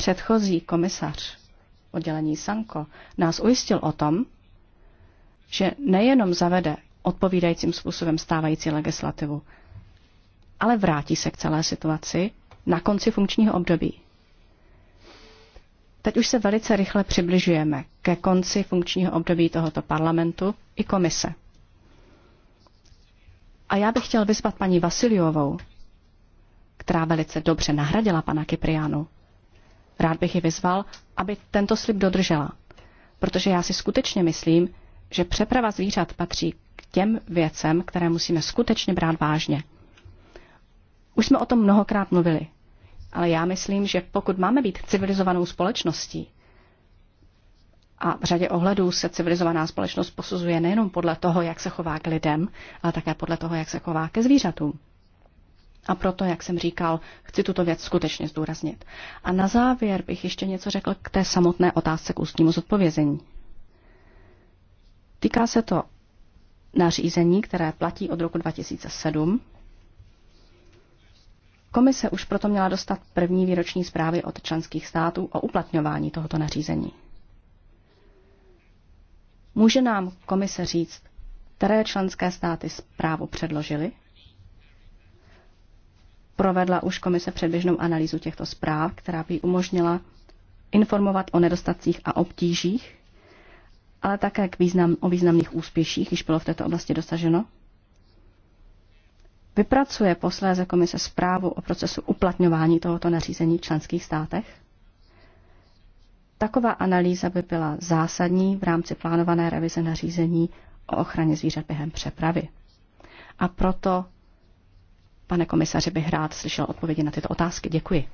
Předchozí komisař oddělení Sanko nás ujistil o tom, že nejenom zavede odpovídajícím způsobem stávající legislativu, ale vrátí se k celé situaci na konci funkčního období. Teď už se velice rychle přibližujeme ke konci funkčního období tohoto parlamentu i komise. A já bych chtěl vyzvat paní Vasiliovou, která velice dobře nahradila pana Kypriánu, Rád bych ji vyzval, aby tento slib dodržela, protože já si skutečně myslím, že přeprava zvířat patří k těm věcem, které musíme skutečně brát vážně. Už jsme o tom mnohokrát mluvili, ale já myslím, že pokud máme být civilizovanou společností, a v řadě ohledů se civilizovaná společnost posuzuje nejenom podle toho, jak se chová k lidem, ale také podle toho, jak se chová ke zvířatům. A proto, jak jsem říkal, chci tuto věc skutečně zdůraznit. A na závěr bych ještě něco řekl k té samotné otázce k ústnímu zodpovězení. Týká se to nařízení, které platí od roku 2007. Komise už proto měla dostat první výroční zprávy od členských států o uplatňování tohoto nařízení. Může nám komise říct, které členské státy zprávu předložily provedla už komise předběžnou analýzu těchto zpráv, která by umožnila informovat o nedostatcích a obtížích, ale také k význam, o významných úspěších, již bylo v této oblasti dosaženo. Vypracuje posléze komise zprávu o procesu uplatňování tohoto nařízení v členských státech? Taková analýza by byla zásadní v rámci plánované revize nařízení o ochraně zvířat během přepravy. A proto Pane komisaři, bych rád slyšel odpovědi na tyto otázky. Děkuji.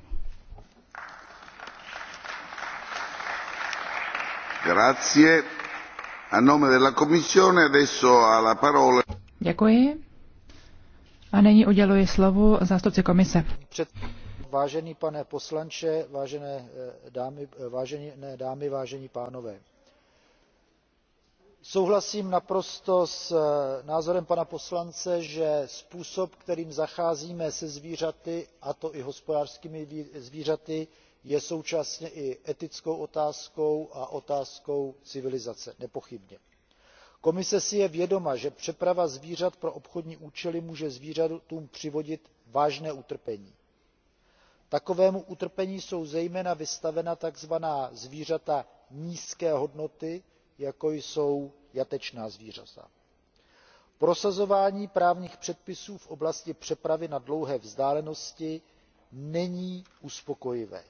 Grazie. A nome della Commissione adesso ha la parola. Děkuji. A nyní uděluji slovo zástupci komise. Před, vážený pane poslanče, vážené eh, dámy, eh, vážené dámy, vážení pánové souhlasím naprosto s eh, názorem pana poslance že způsob kterým zacházíme se zvířaty a to i hospodářskými zvířaty je současně i etickou otázkou a otázkou civilizace nepochybně. komise si je vědoma že přeprava zvířat pro obchodní účely může zvířatům přivodit vážné utrpení. takovému utrpení jsou zejména vystavena zvaná zvířata nízké hodnoty jako jsou jatečná zvířata. prosazování právních předpisů v oblasti přepravy na dlouhé vzdálenosti není uspokojivé.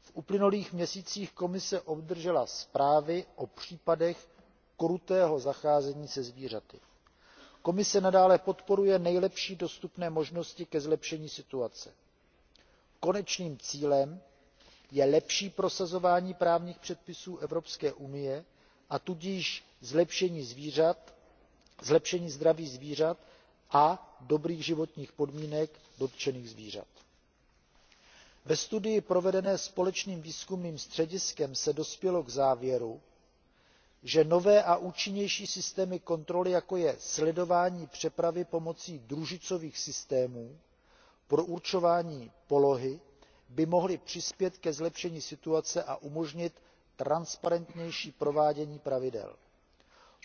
v uplynulých měsících komise obdržela zprávy o případech krutého zacházení se zvířaty. komise nadále podporuje nejlepší dostupné možnosti ke zlepšení situace. konečným cílem je lepší prosazování právních předpisů evropské unie a tudíž zlepšení zdraví zvířat a dobrých životních podmínek dotčených zvířat. ve studii provedené společným výzkumným střediskem se dospělo k závěru že nové a účinnější systémy kontroly jako je sledování přepravy pomocí družicových systémů pro určování polohy by mohly přispět ke zlepšení situace a umožnit transparentnější provádění pravidel.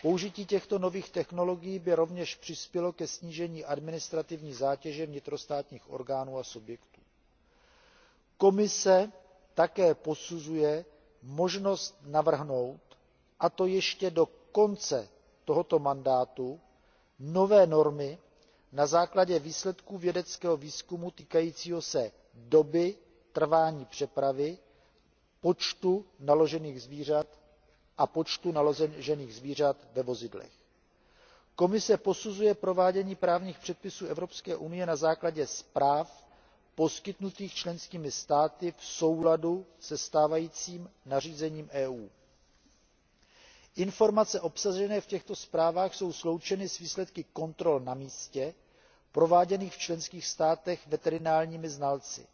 použití těchto nových technologií by rovněž přispělo ke snížení administrativní zátěže vnitrostátních orgánů a subjektů. komise také posuzuje možnost navrhnout a to ještě do konce tohoto mandátu nové normy na základě výsledků vědeckého výzkumu týkajícího se doby trvání přepravy počtu naložených zvířat a počtu naložených zvířat ve vozidlech. komise posuzuje provádění právních předpisů evropské unie na základě zpráv poskytnutých členskými státy v souladu se stávajícím nařízením eu. informace obsažené v těchto zprávách jsou sloučeny s výsledky kontrol na místě prováděných v členských státech veterinárními znalci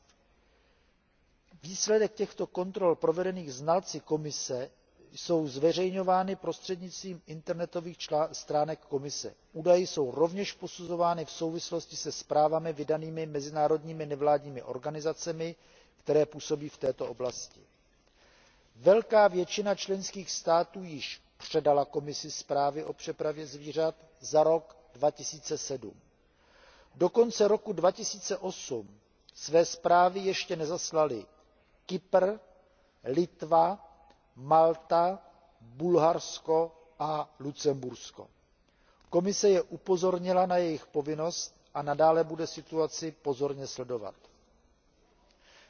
výsledky těchto kontrol provedených znalci komise jsou zveřejňovány prostřednictvím internetových stránek komise. údaje jsou rovněž posuzovány v souvislosti se zprávami vydanými mezinárodními nevládními organizacemi které působí v této oblasti. velká většina členských států již předala komisi zprávy o přepravě zvířat za rok. two thousand and seven do konce roku two thousand and eight své zprávy ještě nezaslaly kypr litva malta bulharsko a lucembursko. komise je upozornila na jejich povinnost a nadále bude situaci pozorně sledovat.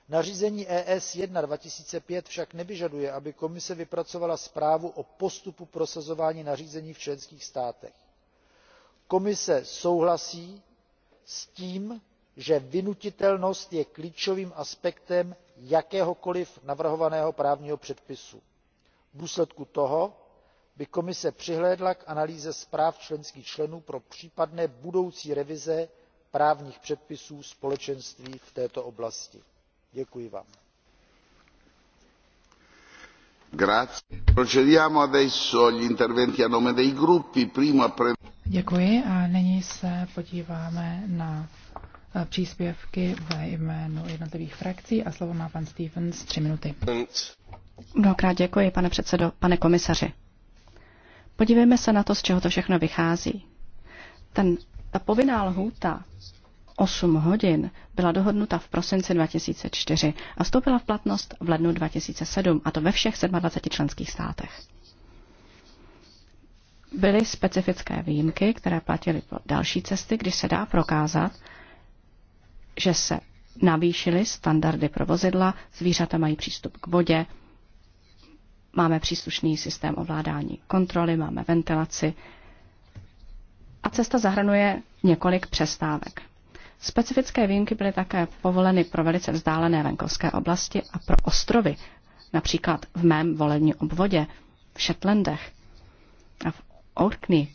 nařízení es one two thousand and five však nevyžaduje aby komise vypracovala zprávu o postupu prosazování nařízení v členských státech. komise souhlasí s tím že vynutitelnost je klíčovým aspektem jakéhokoliv navrhovaného právního předpisu. v důsledku toho by komise přihlédla k analýze zpráv členských států pro případné budoucí revize právních předpisů společenství v této oblasti. děkuji vám příspěvky ve jménu jednotlivých frakcí a slovo má pan Stevens, tři minuty. Mnohokrát děkuji, pane předsedo, pane komisaři. Podívejme se na to, z čeho to všechno vychází. Ten, ta povinná lhůta 8 hodin byla dohodnuta v prosinci 2004 a vstoupila v platnost v lednu 2007, a to ve všech 27 členských státech. Byly specifické výjimky, které platily pro další cesty, když se dá prokázat, že se navýšily standardy pro vozidla, zvířata mají přístup k vodě, máme příslušný systém ovládání kontroly, máme ventilaci a cesta zahrnuje několik přestávek. Specifické výjimky byly také povoleny pro velice vzdálené venkovské oblasti a pro ostrovy, například v mém volení obvodě, v Šetlendech a v Orkney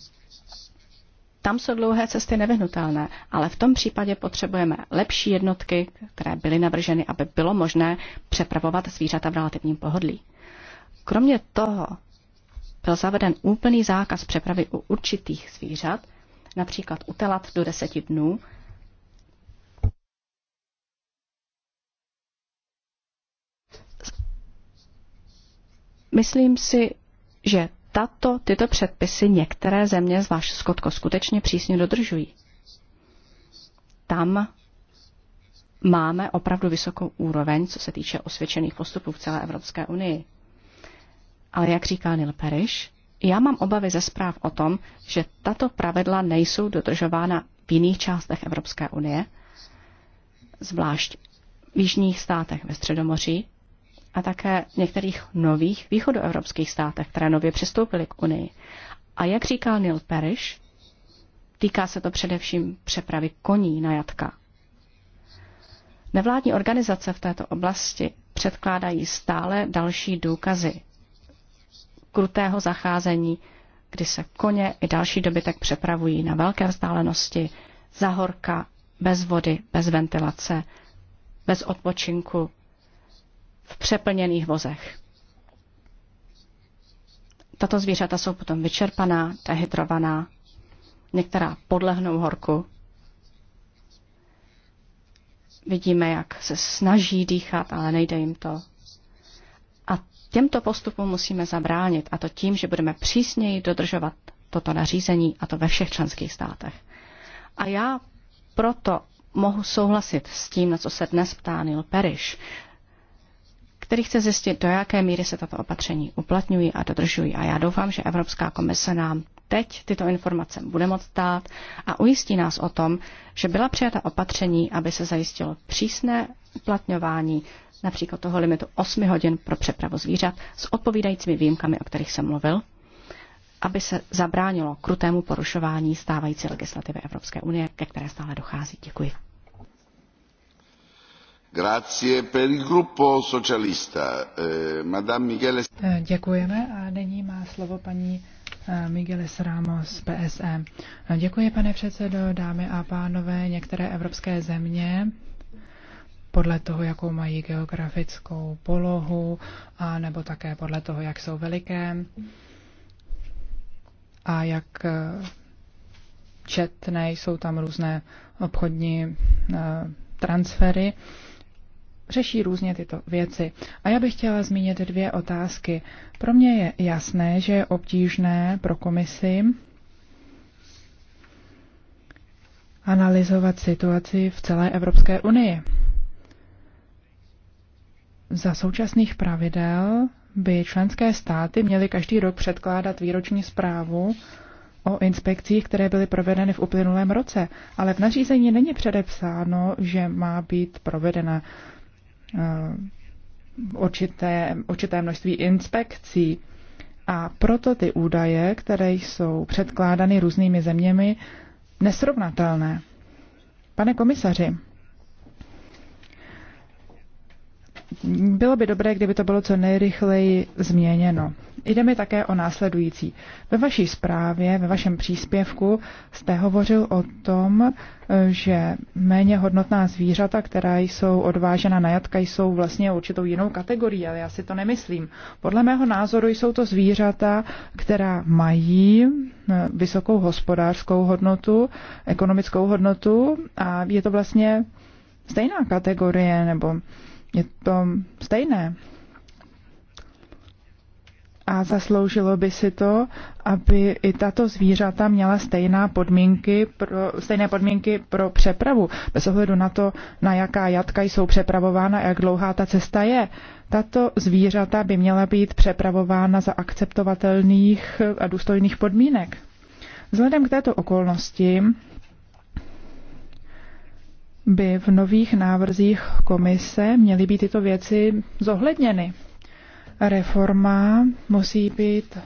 tam jsou dlouhé cesty nevyhnutelné, ale v tom případě potřebujeme lepší jednotky, které byly navrženy, aby bylo možné přepravovat zvířata v relativním pohodlí. Kromě toho byl zaveden úplný zákaz přepravy u určitých zvířat, například u telat do deseti dnů, Myslím si, že tato, tyto předpisy některé země, zvlášť Skotko, skutečně přísně dodržují. Tam máme opravdu vysokou úroveň, co se týče osvědčených postupů v celé Evropské unii. Ale jak říká Neil Parrish, já mám obavy ze zpráv o tom, že tato pravidla nejsou dodržována v jiných částech Evropské unie, zvlášť v jižních státech ve Středomoří, a také v některých nových východoevropských státech, které nově přistoupily k Unii. A jak říkal Neil Parrish, týká se to především přepravy koní na jatka. Nevládní organizace v této oblasti předkládají stále další důkazy krutého zacházení, kdy se koně i další dobytek přepravují na velké vzdálenosti, za horka, bez vody, bez ventilace, bez odpočinku, v přeplněných vozech. Tato zvířata jsou potom vyčerpaná, dehydrovaná, některá podlehnou horku. Vidíme, jak se snaží dýchat, ale nejde jim to. A těmto postupům musíme zabránit, a to tím, že budeme přísněji dodržovat toto nařízení, a to ve všech členských státech. A já proto mohu souhlasit s tím, na co se dnes ptá Neil Parrish, který chce zjistit, do jaké míry se tato opatření uplatňují a dodržují. A já doufám, že Evropská komise nám teď tyto informace bude moct dát a ujistí nás o tom, že byla přijata opatření, aby se zajistilo přísné uplatňování například toho limitu 8 hodin pro přepravu zvířat s odpovídajícími výjimkami, o kterých jsem mluvil, aby se zabránilo krutému porušování stávající legislativy Evropské unie, ke které stále dochází. Děkuji. Eh, eh, děkujeme a nyní má slovo paní eh, Migueles Ramos, PSE. Děkuji, pane předsedo, dámy a pánové. Některé evropské země podle toho, jakou mají geografickou polohu, a nebo také podle toho, jak jsou veliké a jak četné jsou tam různé obchodní transfery, řeší různě tyto věci. A já bych chtěla zmínit dvě otázky. Pro mě je jasné, že je obtížné pro komisi analyzovat situaci v celé Evropské unii. Za současných pravidel by členské státy měly každý rok předkládat výroční zprávu o inspekcích, které byly provedeny v uplynulém roce, ale v nařízení není předepsáno, že má být provedena Eh, určité, určité množství inspekcí. A proto ty údaje, které jsou předkládány různými zeměmi, nesrovnatelné. Pane komisaři, bylo by dobré, kdyby to bylo co nejrychleji změněno. Jde mi také o následující. Ve vaší zprávě, ve vašem příspěvku jste hovořil o tom, že méně hodnotná zvířata, která jsou odvážena na jatka, jsou vlastně určitou jinou kategorií, ale já si to nemyslím. Podle mého názoru jsou to zvířata, která mají eh, vysokou hospodářskou hodnotu, ekonomickou hodnotu a je to vlastně stejná kategorie nebo je to stejné. A zasloužilo by si to, aby i tato zvířata měla stejná podmínky pro, stejné podmínky pro přepravu, bez ohledu na to, na jaká jatka jsou přepravována a jak dlouhá ta cesta je. Tato zvířata by měla být přepravována za akceptovatelných a důstojných podmínek. Vzhledem k této okolnosti by v nových návrzích komise měly být tyto věci zohledněny. Reforma musí být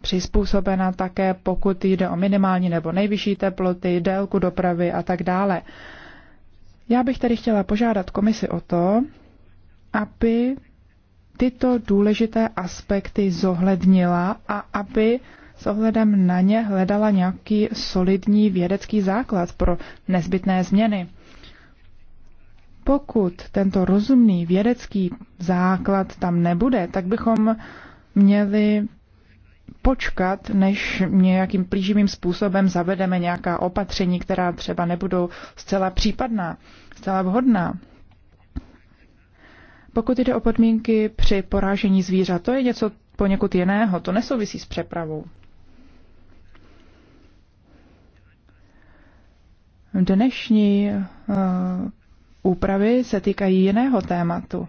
přizpůsobena také, pokud jde o minimální nebo nejvyšší teploty, délku dopravy a tak dále. Já bych tedy chtěla požádat komisi o to, aby tyto důležité aspekty zohlednila a aby s ohledem na ně hledala nějaký solidní vědecký základ pro nezbytné změny. Pokud tento rozumný vědecký základ tam nebude, tak bychom měli počkat, než nějakým plíživým způsobem zavedeme nějaká opatření, která třeba nebudou zcela případná, zcela vhodná. Pokud jde o podmínky při porážení zvířat, to je něco poněkud jiného, to nesouvisí s přepravou. dnešní eh, úpravy se týkají jiného tématu.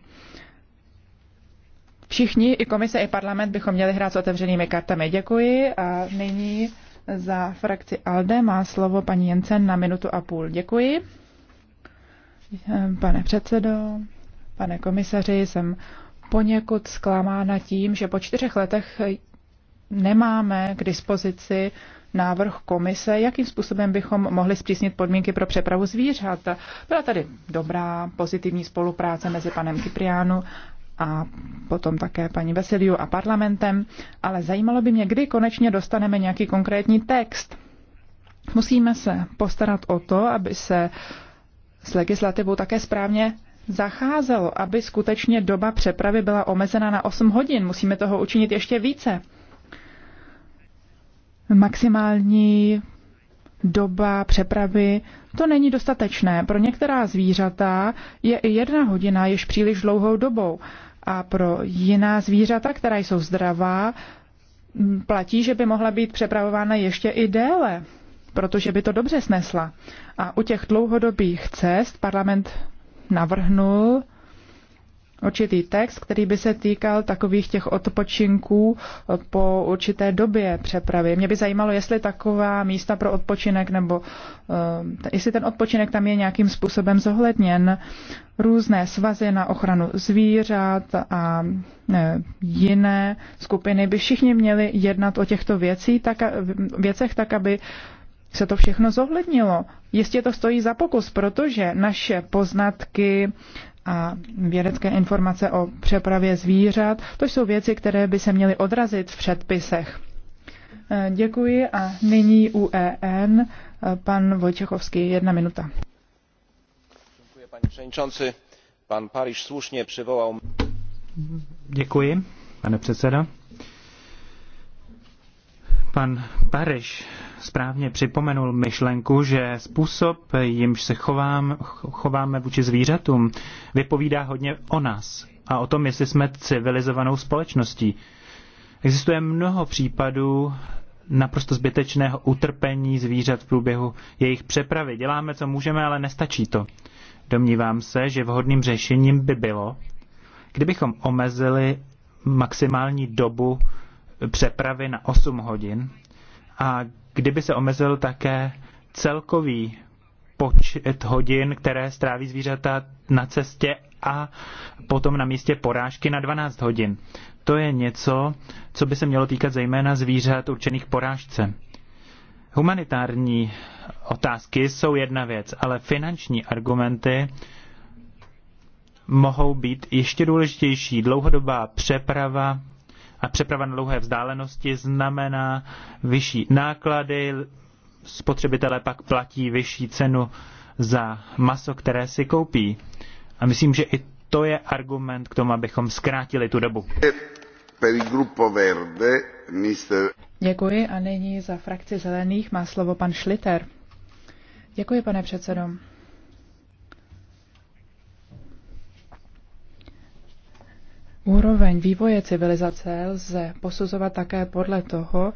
Všichni, i komise, i parlament, bychom měli hrát s otevřenými kartami. Děkuji a nyní za frakci ALDE má slovo paní Jensen na minutu a půl. Děkuji. Eh, pane předsedo, pane komisaři, jsem poněkud zklamána tím, že po čtyřech letech nemáme k dispozici návrh komise, jakým způsobem bychom mohli zpřísnit podmínky pro přepravu zvířat. Byla tady dobrá, pozitivní spolupráce mezi panem Kypriánu a potom také paní Veseliu a parlamentem, ale zajímalo by mě, kdy konečně dostaneme nějaký konkrétní text. Musíme se postarat o to, aby se s legislativou také správně zacházelo, aby skutečně doba přepravy byla omezena na 8 hodin. Musíme toho učinit ještě více maximální doba přepravy, to není dostatečné. Pro některá zvířata je i jedna hodina již příliš dlouhou dobou a pro jiná zvířata, která jsou zdravá, platí, že by mohla být přepravována ještě i déle, protože by to dobře snesla. A u těch dlouhodobých cest parlament navrhnul určitý text, který by se týkal takových těch odpočinků po určité době přepravy. Mě by zajímalo, jestli taková místa pro odpočinek nebo eh, jestli ten odpočinek tam je nějakým způsobem zohledněn. Různé svazy na ochranu zvířat a eh, jiné skupiny by všichni měli jednat o těchto věcí, tak, věcech tak, aby se to všechno zohlednilo. Jistě to stojí za pokus, protože naše poznatky a vědecké informace o přepravě zvířat. To jsou věci, které by se měly odrazit v předpisech. Eh, děkuji a nyní UEN eh, pan Vojtěchovský, jedna minuta. Děkuji, paní předsedající. Pan Pariš slušně přivolal. Děkuji, pane předseda. Pan Pariš správně připomenul myšlenku, že způsob, jimž se chovám, chováme vůči zvířatům, vypovídá hodně o nás a o tom, jestli jsme civilizovanou společností. Existuje mnoho případů naprosto zbytečného utrpení zvířat v průběhu jejich přepravy. Děláme, co můžeme, ale nestačí to. Domnívám se, že vhodným řešením by bylo, kdybychom omezili maximální dobu přepravy na 8 hodin a kdyby se omezil také celkový počet hodin, které stráví zvířata na cestě a potom na místě porážky na 12 hodin. To je něco, co by se mělo týkat zejména zvířat určených porážce. Humanitární otázky jsou jedna věc, ale finanční argumenty mohou být ještě důležitější. Dlouhodobá přeprava a přeprava na dlouhé vzdálenosti znamená vyšší náklady, spotřebitelé pak platí vyšší cenu za maso, které si koupí. A myslím, že i to je argument k tomu, abychom zkrátili tu dobu. Děkuji a nyní za frakci zelených má slovo pan Šliter. Děkuji, pane předsedo. Úroveň vývoje civilizace lze posuzovat také podle toho,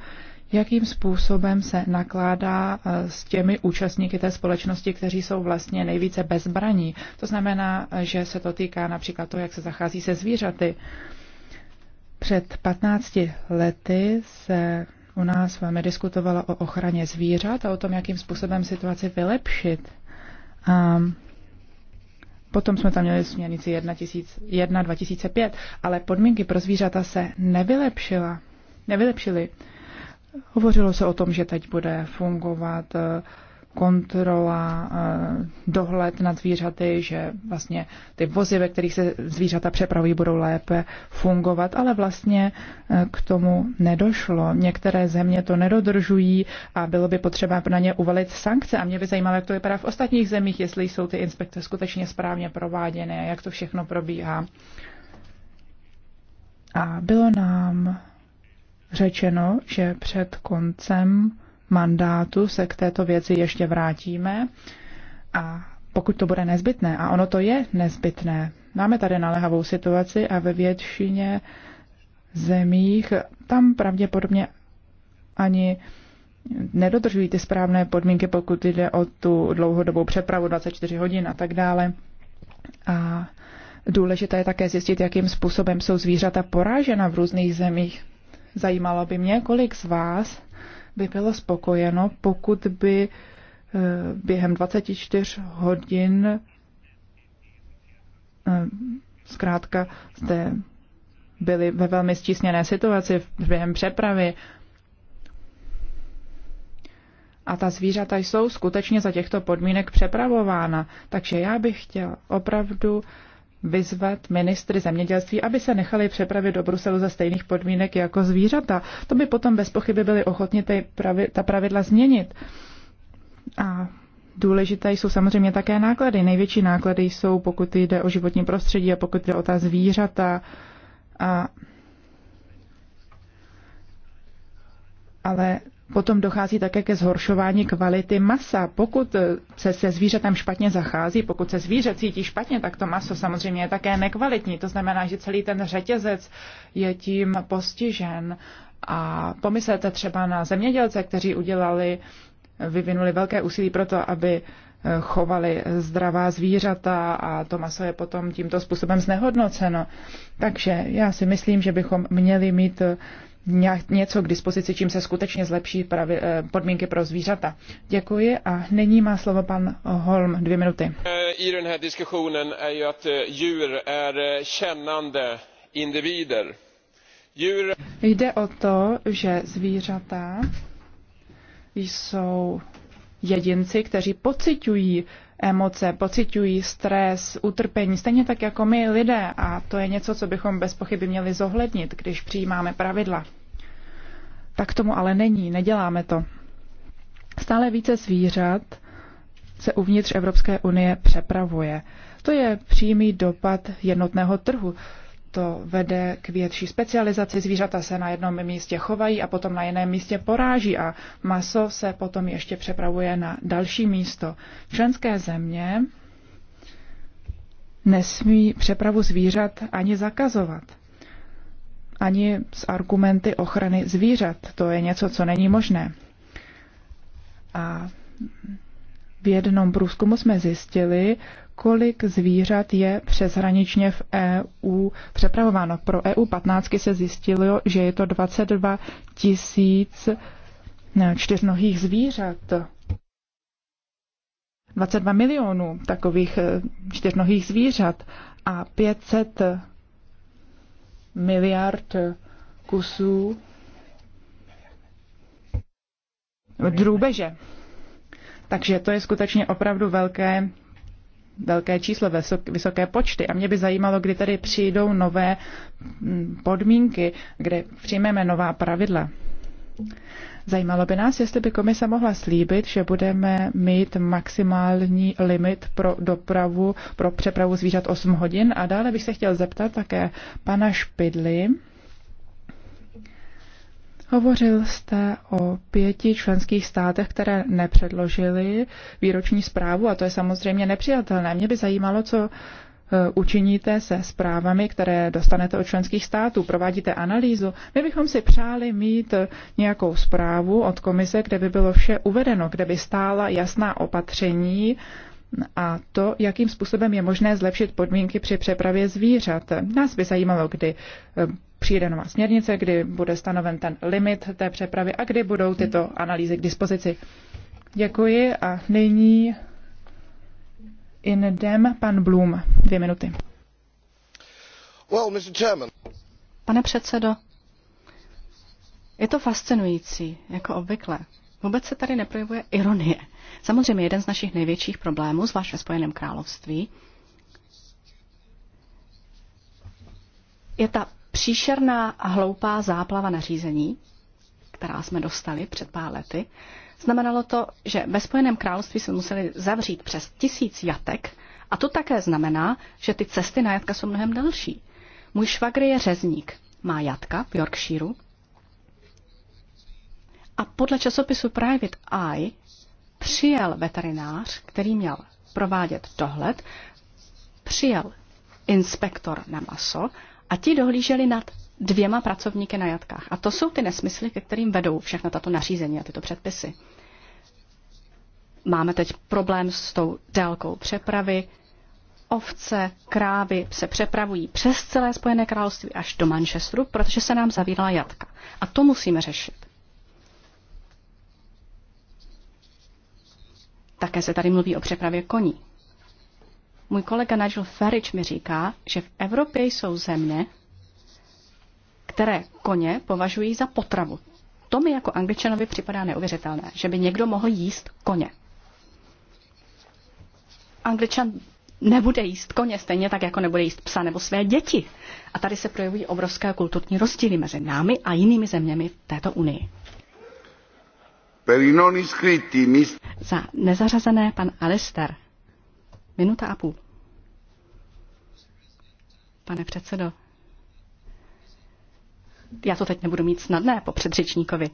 jakým způsobem se nakládá eh, s těmi účastníky té společnosti, kteří jsou vlastně nejvíce bezbraní. To znamená, eh, že se to týká například toho, jak se zachází se zvířaty. Před 15 lety se u nás velmi diskutovalo o ochraně zvířat a o tom, jakým způsobem situaci vylepšit. A Potom jsme tam měli směrnici 1.2005, ale podmínky pro zvířata se nevylepšila, nevylepšily. Hovořilo se o tom, že teď bude fungovat eh, kontrola, eh, dohled nad zvířaty, že vlastně ty vozy, ve kterých se zvířata přepravují, budou lépe fungovat, ale vlastně eh, k tomu nedošlo. Některé země to nedodržují a bylo by potřeba na ně uvalit sankce. A mě by zajímalo, jak to vypadá v ostatních zemích, jestli jsou ty inspekce skutečně správně prováděny a jak to všechno probíhá. A bylo nám řečeno, že před koncem mandátu se k této věci ještě vrátíme a pokud to bude nezbytné, a ono to je nezbytné, máme tady naléhavou situaci a ve většině zemích tam pravděpodobně ani nedodržují ty správné podmínky, pokud jde o tu dlouhodobou přepravu 24 hodin a tak dále. A důležité je také zjistit, jakým způsobem jsou zvířata porážena v různých zemích. Zajímalo by mě, kolik z vás by bylo spokojeno, pokud by eh, během 24 hodin eh, zkrátka jste byli ve velmi stísněné situaci během přepravy. A ta zvířata jsou skutečně za těchto podmínek přepravována. Takže já bych chtěl opravdu vyzvat ministry zemědělství, aby se nechali přepravit do Bruselu za stejných podmínek jako zvířata. To by potom bez pochyby byli ochotni ty pravi, ta pravidla změnit. A důležité jsou samozřejmě také náklady. Největší náklady jsou, pokud jde o životní prostředí a pokud jde o ta zvířata. A ale Potom dochází také ke zhoršování kvality masa. Pokud eh, se se zvířetem špatně zachází, pokud se zvíře cítí špatně, tak to maso samozřejmě je také nekvalitní. To znamená, že celý ten řetězec je tím postižen. A pomyslete třeba na zemědělce, kteří udělali, vyvinuli velké úsilí pro to, aby eh, chovali zdravá zvířata a to maso je potom tímto způsobem znehodnoceno. Takže já si myslím, že bychom měli mít eh, něco k dispozici, čím se skutečně zlepší pravi, eh, podmínky pro zvířata. Děkuji a nyní má slovo pan Holm, dvě minuty. Eh, I den här diskussionen är ju att eh, djur är kännande individer. Djur... Jde o to, že zvířata jsou jedinci, kteří pocitují emoce, pociťují stres, utrpení, stejně tak jako my lidé. A to je něco, co bychom bez pochyby měli zohlednit, když přijímáme pravidla. Tak tomu ale není, neděláme to. Stále více zvířat se uvnitř Evropské unie přepravuje. To je přímý dopad jednotného trhu to vede k větší specializaci. Zvířata se na jednom místě chovají a potom na jiném místě poráží a maso se potom ještě přepravuje na další místo. Členské země nesmí přepravu zvířat ani zakazovat. Ani s argumenty ochrany zvířat. To je něco, co není možné. A v jednom průzkumu jsme zjistili, kolik zvířat je přeshraničně v EU přepravováno. Pro EU 15 se zjistilo, že je to 22 tisíc čtyřnohých zvířat. 22 milionů takových eh, čtyřnohých zvířat a 500 miliard kusů drůbeže. Takže to je skutečně opravdu velké velké číslo, vysoké počty. A mě by zajímalo, kdy tady přijdou nové mm, podmínky, kde přijmeme nová pravidla. Zajímalo by nás, jestli by komise mohla slíbit, že budeme mít maximální limit pro dopravu, pro přepravu zvířat 8 hodin. A dále bych se chtěl zeptat také pana Špidly, Hovořil jste o pěti členských státech, které nepředložily výroční zprávu a to je samozřejmě nepřijatelné. Mě by zajímalo, co e, učiníte se zprávami, které dostanete od členských států, provádíte analýzu. My bychom si přáli mít e, nějakou zprávu od komise, kde by bylo vše uvedeno, kde by stála jasná opatření, a to, jakým způsobem je možné zlepšit podmínky při přepravě zvířat. Nás by zajímalo, kdy eh, přijde nová směrnice, kdy bude stanoven ten limit té přepravy a kdy budou tyto analýzy k dispozici. Děkuji a nyní indem pan Blum. Dvě minuty. Pane předsedo, je to fascinující, jako obvykle. Vůbec se tady neprojevuje ironie. Samozřejmě jeden z našich největších problémů, zvlášť ve Spojeném království, je ta příšerná a hloupá záplava nařízení, která jsme dostali před pár lety. Znamenalo to, že ve Spojeném království se museli zavřít přes tisíc jatek a to také znamená, že ty cesty na jatka jsou mnohem delší. Můj švagr je řezník, má jatka v Yorkshireu a podle časopisu Private Eye přijel veterinář, který měl provádět dohled, přijel inspektor na maso a ti dohlíželi nad dvěma pracovníky na jatkách. A to jsou ty nesmysly, ke kterým vedou všechna tato nařízení a tyto předpisy. Máme teď problém s tou délkou přepravy. Ovce, krávy se přepravují přes celé Spojené království až do Manchesteru, protože se nám zavírala jatka. A to musíme řešit. Také se tady mluví o přepravě koní. Můj kolega Nigel Farage mi říká, že v Evropě jsou země, které koně považují za potravu. To mi jako angličanovi připadá neuvěřitelné, že by někdo mohl jíst koně. Angličan nebude jíst koně, stejně tak, jako nebude jíst psa nebo své děti. A tady se projevují obrovské kulturní rozdíly mezi námi a jinými zeměmi v této unii. No Za nezařazené pan Alister. Minuta a půl. Pane předsedo, já to teď nebudu mít snadné po předřečníkovi.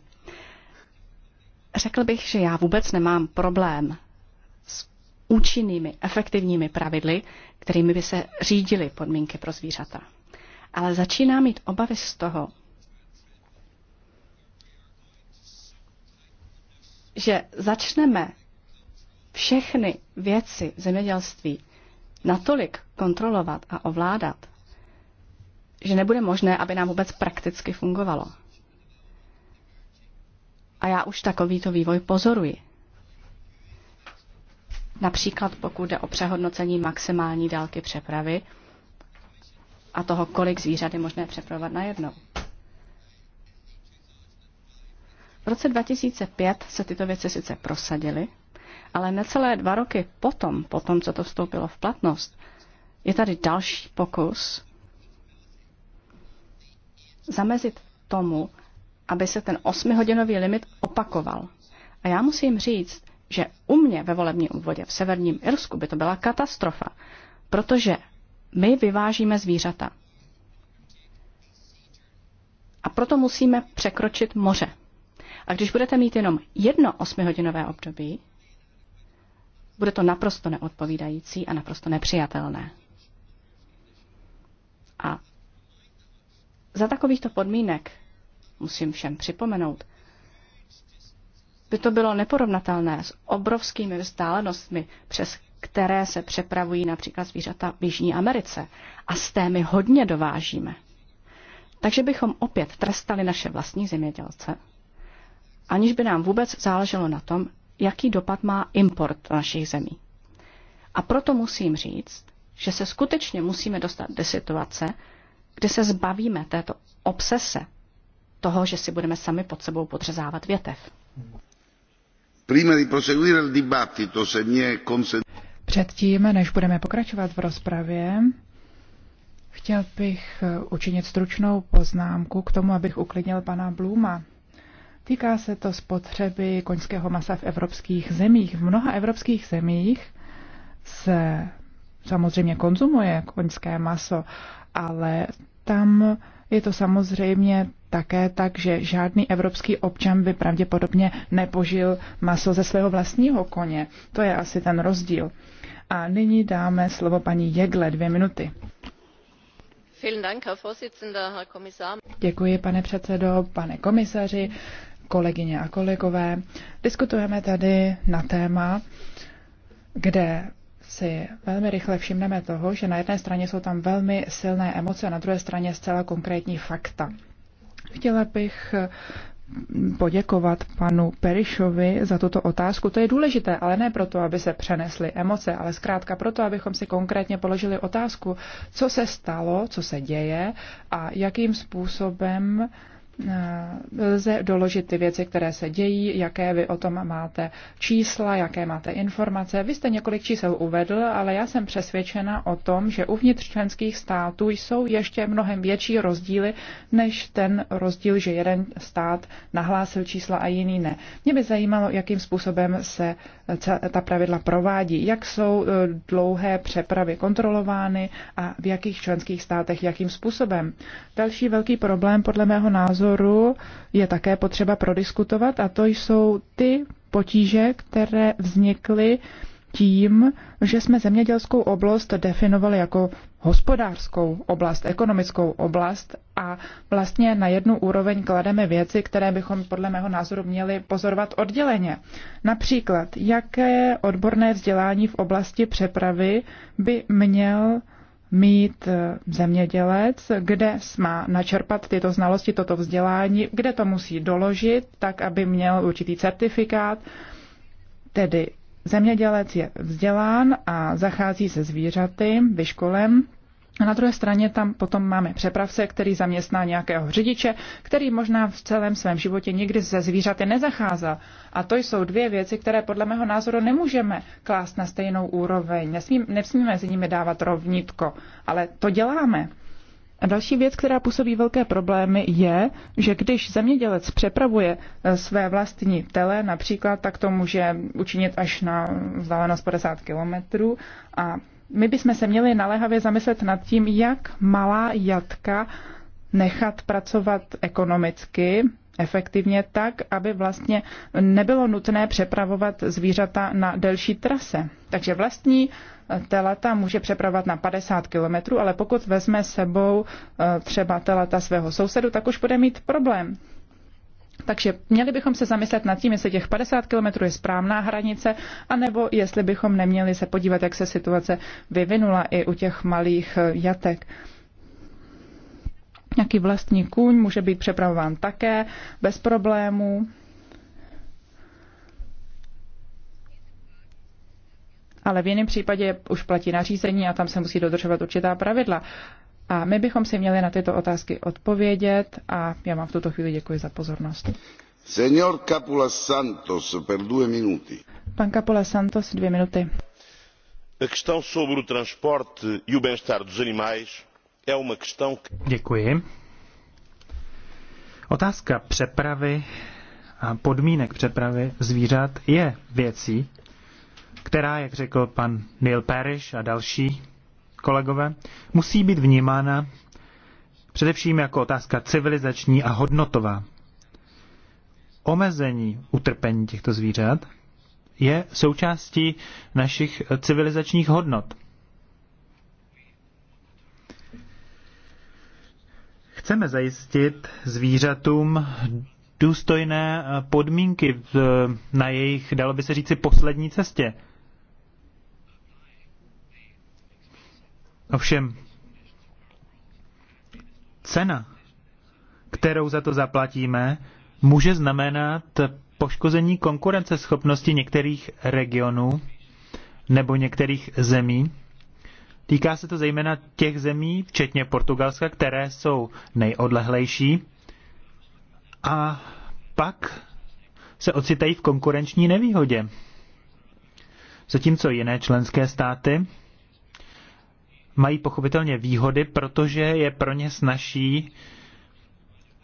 Řekl bych, že já vůbec nemám problém s účinnými, efektivními pravidly, kterými by se řídily podmínky pro zvířata. Ale začínám mít obavy z toho, že začneme všechny věci v zemědělství natolik kontrolovat a ovládat, že nebude možné, aby nám vůbec prakticky fungovalo. A já už takovýto vývoj pozoruji. Například pokud jde o přehodnocení maximální délky přepravy a toho, kolik zvířat je možné přepravovat najednou. V roce 2005 se tyto věci sice prosadily, ale necelé dva roky potom, potom, co to vstoupilo v platnost, je tady další pokus zamezit tomu, aby se ten osmihodinový limit opakoval. A já musím říct, že u mě ve volebním úvodě v severním Irsku by to byla katastrofa, protože my vyvážíme zvířata. A proto musíme překročit moře. A když budete mít jenom jedno osmihodinové období, bude to naprosto neodpovídající a naprosto nepřijatelné. A za takovýchto podmínek, musím všem připomenout, by to bylo neporovnatelné s obrovskými vzdálenostmi, přes které se přepravují například zvířata v Jižní Americe. A z té my hodně dovážíme. Takže bychom opět trestali naše vlastní zemědělce, aniž by nám vůbec záleželo na tom, jaký dopad má import našich zemí. A proto musím říct, že se skutečně musíme dostat do situace, kdy se zbavíme této obsese toho, že si budeme sami pod sebou podřezávat větev. Předtím, než budeme pokračovat v rozpravě, chtěl bych učinit stručnou poznámku k tomu, abych uklidnil pana Bluma. Týká se to spotřeby koňského masa v evropských zemích. V mnoha evropských zemích se samozřejmě konzumuje koňské maso, ale tam je to samozřejmě také tak, že žádný evropský občan by pravděpodobně nepožil maso ze svého vlastního koně. To je asi ten rozdíl. A nyní dáme slovo paní Jegle dvě minuty. Děkuji, pane předsedo, pane komisaři kolegyně a kolegové. Diskutujeme tady na téma, kde si velmi rychle všimneme toho, že na jedné straně jsou tam velmi silné emoce a na druhé straně zcela konkrétní fakta. Chtěla bych poděkovat panu Perišovi za tuto otázku. To je důležité, ale ne proto, aby se přenesly emoce, ale zkrátka proto, abychom si konkrétně položili otázku, co se stalo, co se děje a jakým způsobem uh, Eh, lze doložit ty věci, které se dějí, jaké vy o tom máte čísla, jaké máte informace. Vy jste několik čísel uvedl, ale já jsem přesvědčena o tom, že uvnitř členských států jsou ještě mnohem větší rozdíly, než ten rozdíl, že jeden stát nahlásil čísla a jiný ne. Mě by zajímalo, jakým způsobem se eh, ta pravidla provádí, jak jsou eh, dlouhé přepravy kontrolovány a v jakých členských státech jakým způsobem. Další velký problém podle mého názoru názoru je také potřeba prodiskutovat a to jsou ty potíže, které vznikly tím, že jsme zemědělskou oblast definovali jako hospodářskou oblast, ekonomickou oblast a vlastně na jednu úroveň klademe věci, které bychom podle mého názoru měli pozorovat odděleně. Například, jaké odborné vzdělání v oblasti přepravy by měl mít eh, zemědělec, kde má načerpat tyto znalosti, toto vzdělání, kde to musí doložit, tak aby měl určitý certifikát. Tedy zemědělec je vzdělán a zachází se zvířaty, vyškolem a na druhé straně tam potom máme přepravce, který zaměstná nějakého řidiče, který možná v celém svém životě nikdy se zvířaty nezacházel. A to jsou dvě věci, které podle mého názoru nemůžeme klást na stejnou úroveň. Nesmí, nesmíme s nimi dávat rovnitko, ale to děláme. A další věc, která působí velké problémy, je, že když zemědělec přepravuje eh, své vlastní tele, například, tak to může učinit až na vzdálenost 50 kilometrů a my bychom se měli naléhavě zamyslet nad tím, jak malá jatka nechat pracovat ekonomicky, efektivně tak, aby vlastně nebylo nutné přepravovat zvířata na delší trase. Takže vlastní eh, telata může přepravovat na 50 kilometrů, ale pokud vezme sebou eh, třeba telata svého sousedu, tak už bude mít problém. Takže měli bychom se zamyslet nad tím, jestli těch 50 kilometrů je správná hranice, anebo jestli bychom neměli se podívat, jak se situace vyvinula i u těch malých eh, jatek. Nějaký vlastní kůň může být přepravován také bez problémů. Ale v jiném případě už platí nařízení a tam se musí dodržovat určitá pravidla. A my bychom si měli na tyto otázky odpovědět a já vám v tuto chvíli děkuji za pozornost. Senor Capula Santos, per due minuti. Pan Capula Santos, dvě minuty. A questão sobre o transporte e o bem-estar dos animais é uma questão que... Děkuji. Otázka přepravy a podmínek přepravy zvířat je věcí, která, jak řekl pan Neil Parrish a další, kolegové, musí být vnímána především jako otázka civilizační a hodnotová. Omezení utrpení těchto zvířat je součástí našich civilizačních hodnot. Chceme zajistit zvířatům důstojné podmínky na jejich, dalo by se říci, poslední cestě. Ovšem, cena, kterou za to zaplatíme, může znamenat poškození konkurenceschopnosti některých regionů nebo některých zemí. Týká se to zejména těch zemí, včetně Portugalska, které jsou nejodlehlejší a pak se ocitají v konkurenční nevýhodě. Zatímco jiné členské státy mají pochopitelně výhody, protože je pro ně snaží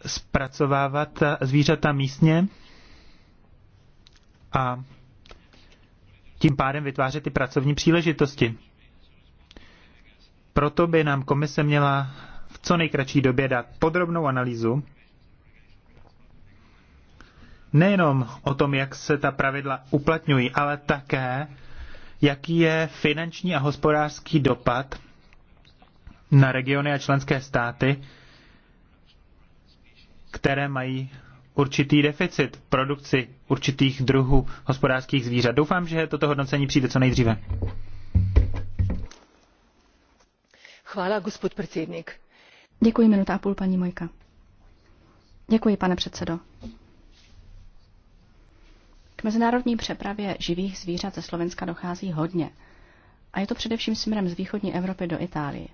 zpracovávat zvířata místně a tím pádem vytvářet ty pracovní příležitosti. Proto by nám komise měla v co nejkratší době dát podrobnou analýzu nejenom o tom, jak se ta pravidla uplatňují, ale také, jaký je finanční a hospodářský dopad na regiony a členské státy, které mají určitý deficit v produkci určitých druhů hospodářských zvířat. Doufám, že toto hodnocení přijde co nejdříve. Chvála, gospod předsednik. Děkuji, minuta a půl, paní Mojka. Děkuji, pane předsedo. K mezinárodní přepravě živých zvířat ze Slovenska dochází hodně. A je to především směrem z východní Evropy do Itálie.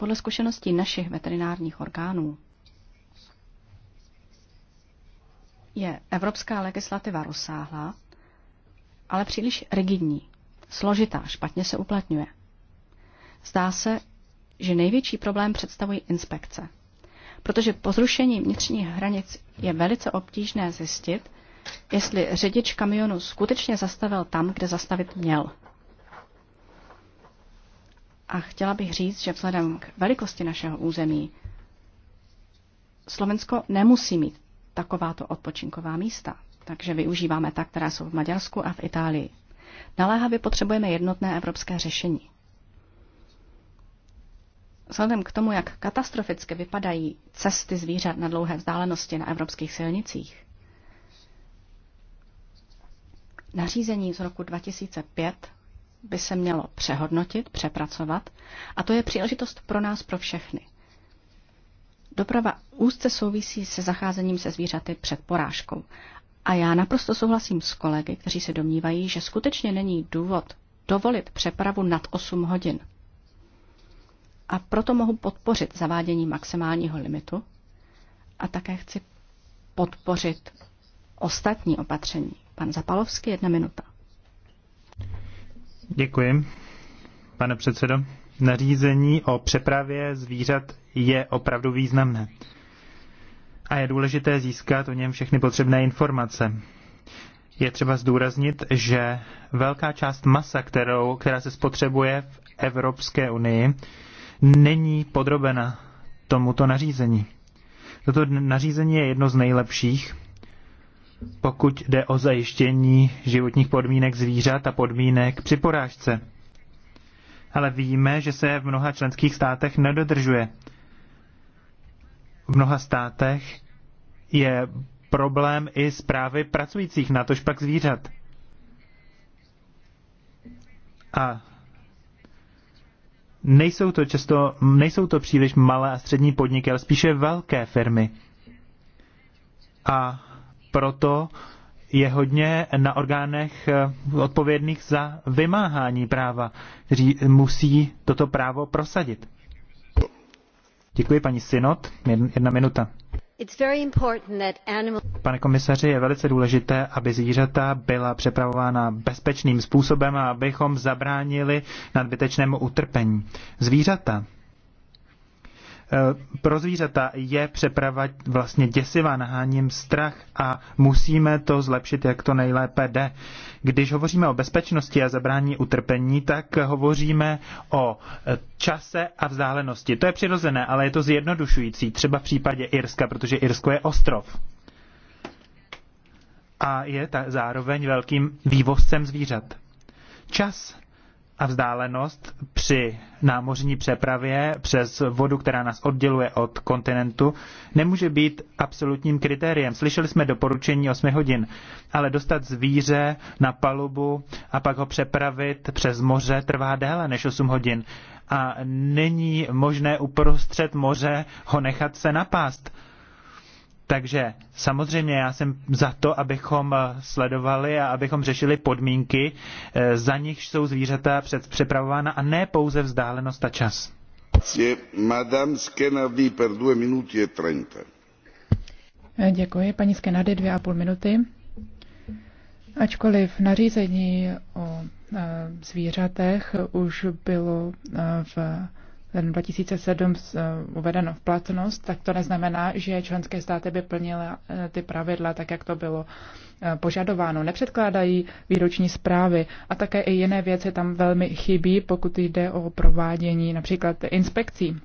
Podle zkušeností našich veterinárních orgánů je evropská legislativa rozsáhlá, ale příliš rigidní, složitá, špatně se uplatňuje. Zdá se, že největší problém představují inspekce, protože po zrušení vnitřních hranic je velice obtížné zjistit, jestli řidič kamionu skutečně zastavil tam, kde zastavit měl – a chtěla bych říct, že vzhledem k velikosti našeho území Slovensko nemusí mít takováto odpočinková místa, takže využíváme ta, která jsou v Maďarsku a v Itálii. Naléhavě potřebujeme jednotné evropské řešení. Vzhledem k tomu, jak katastroficky vypadají cesty zvířat na dlouhé vzdálenosti na evropských silnicích, nařízení z roku 2005 by se mělo přehodnotit, přepracovat a to je příležitost pro nás, pro všechny. Doprava úzce souvisí se zacházením se zvířaty před porážkou. A já naprosto souhlasím s kolegy, kteří se domnívají, že skutečně není důvod dovolit přepravu nad 8 hodin. A proto mohu podpořit zavádění maximálního limitu a také chci podpořit ostatní opatření. Pan Zapalovský, jedna minuta. Děkuji, pane předsedo. Nařízení o přepravě zvířat je opravdu významné. A je důležité získat o něm všechny potřebné informace. Je třeba zdůraznit, že velká část masa, kterou, která se spotřebuje v Evropské unii, není podrobena tomuto nařízení. Toto nařízení je jedno z nejlepších, pokud jde o zajištění životních podmínek zvířat a podmínek při porážce. Ale víme, že se v mnoha členských státech nedodržuje. V mnoha státech je problém i zprávy pracujících, na tož pak zvířat. A nejsou to často, nejsou to příliš malé a střední podniky, ale spíše velké firmy. A proto je hodně na orgánech eh, odpovědných za vymáhání práva, kteří musí toto právo prosadit. Děkuji, paní Synod. Jedna minuta. Pane komisaři, je velice důležité, aby zvířata byla přepravována bezpečným způsobem a abychom zabránili nadbytečnému utrpení. Zvířata Eh, pro zvířata je přeprava vlastně děsivá, naháním strach a musíme to zlepšit, jak to nejlépe jde. Když hovoříme o bezpečnosti a zabrání utrpení, tak hovoříme o eh, čase a vzdálenosti. To je přirozené, ale je to zjednodušující, třeba v případě Irska, protože Irsko je ostrov a je ta zároveň velkým vývozcem zvířat. Čas a vzdálenost při námořní přepravě přes vodu, která nás odděluje od kontinentu, nemůže být absolutním kritériem. Slyšeli jsme doporučení 8 hodin, ale dostat zvíře na palubu a pak ho přepravit přes moře trvá déle než 8 hodin. A není možné uprostřed moře ho nechat se napást takže samozřejmě já jsem za to, abychom eh, sledovali a abychom řešili podmínky, eh, za nich jsou zvířata před přepravována a ne pouze vzdálenost a čas. minuty e eh, Děkuji, paní Skenady, dvě a půl minuty. Ačkoliv nařízení o zvířatech už bylo v 2007 eh, uvedeno v platnost, tak to neznamená, že členské státy by plnily eh, ty pravidla tak, jak to bylo eh, požadováno. Nepředkládají výroční zprávy a také i jiné věci tam velmi chybí, pokud jde o provádění například inspekcí.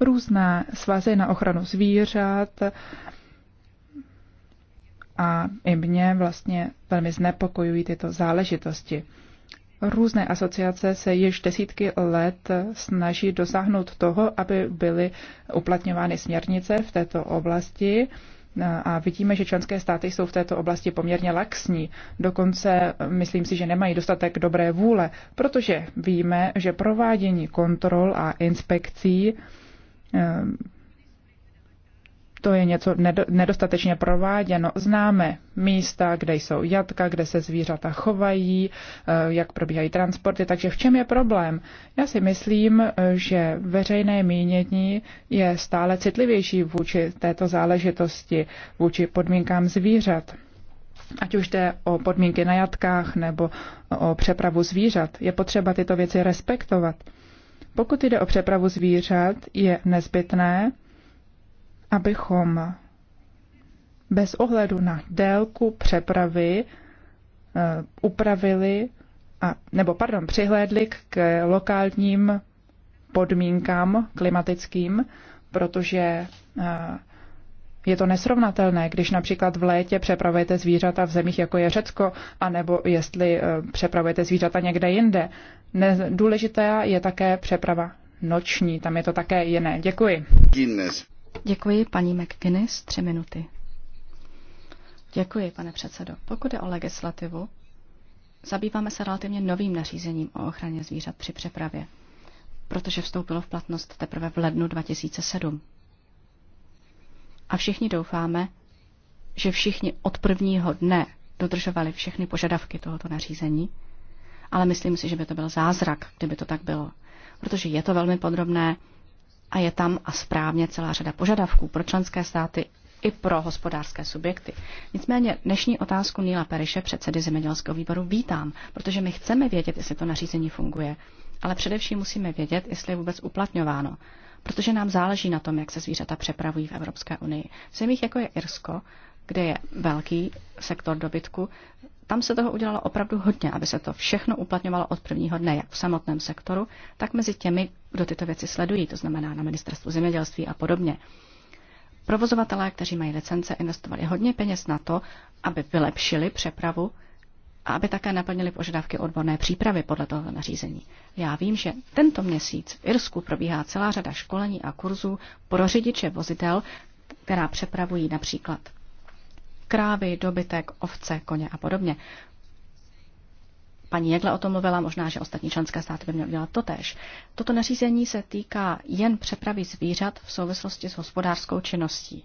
Různé svazy na ochranu zvířat, a i mě vlastně velmi znepokojují tyto záležitosti. Různé asociace se již desítky let snaží dosáhnout toho, aby byly uplatňovány směrnice v této oblasti a vidíme, že členské státy jsou v této oblasti poměrně laxní. Dokonce myslím si, že nemají dostatek dobré vůle, protože víme, že provádění kontrol a inspekcí to je něco nedostatečně prováděno. Známe místa, kde jsou jatka, kde se zvířata chovají, eh, jak probíhají transporty, takže v čem je problém? Já si myslím, že veřejné mínění je stále citlivější vůči této záležitosti, vůči podmínkám zvířat. Ať už jde o podmínky na jatkách nebo o přepravu zvířat, je potřeba tyto věci respektovat. Pokud jde o přepravu zvířat, je nezbytné, abychom bez ohledu na délku přepravy eh, upravili, a, nebo pardon, přihlédli k lokálním podmínkám klimatickým, protože eh, je to nesrovnatelné, když například v létě přepravujete zvířata v zemích, jako je Řecko, anebo jestli eh, přepravujete zvířata někde jinde. Důležitá je také přeprava noční, tam je to také jiné. Děkuji. Guinness. Děkuji paní McGuinness, tři minuty. Děkuji, pane předsedo. Pokud je o legislativu, zabýváme se relativně novým nařízením o ochraně zvířat při přepravě, protože vstoupilo v platnost teprve v lednu 2007. A všichni doufáme, že všichni od prvního dne dodržovali všechny požadavky tohoto nařízení, ale myslím si, že by to byl zázrak, kdyby to tak bylo, protože je to velmi podrobné, a je tam a správně celá řada požadavků pro členské státy i pro hospodářské subjekty. Nicméně dnešní otázku Níla Periše, předsedy zemědělského výboru, vítám, protože my chceme vědět, jestli to nařízení funguje, ale především musíme vědět, jestli je vůbec uplatňováno, protože nám záleží na tom, jak se zvířata přepravují v Evropské unii. V zemích, jako je Irsko, kde je velký sektor dobytku, tam se toho udělalo opravdu hodně, aby se to všechno uplatňovalo od prvního dne, jak v samotném sektoru, tak mezi těmi, kdo tyto věci sledují, to znamená na ministerstvu zemědělství a podobně. Provozovatelé, kteří mají licence, investovali hodně peněz na to, aby vylepšili přepravu a aby také naplnili požadavky odborné přípravy podle tohoto nařízení. Já vím, že tento měsíc v Irsku probíhá celá řada školení a kurzů pro řidiče vozidel, která přepravují například krávy, dobytek, ovce, koně a podobně. Paní Jegle o tom mluvila, možná, že ostatní členské státy by měly dělat tež. Toto nařízení se týká jen přepravy zvířat v souvislosti s hospodářskou činností.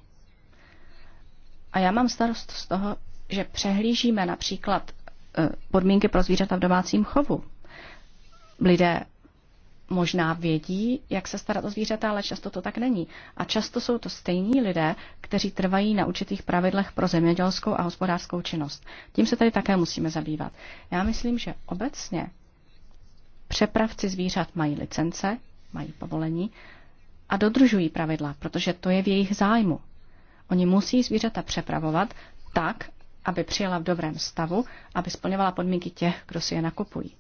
A já mám starost z toho, že přehlížíme například eh, podmínky pro zvířata v domácím chovu. Lidé možná vědí, jak se starat o zvířata, ale často to tak není. A často jsou to stejní lidé, kteří trvají na určitých pravidlech pro zemědělskou a hospodářskou činnost. Tím se tady také musíme zabývat. Já myslím, že obecně přepravci zvířat mají licence, mají povolení a dodržují pravidla, protože to je v jejich zájmu. Oni musí zvířata přepravovat tak, aby přijela v dobrém stavu, aby splňovala podmínky těch, kdo si je nakupují.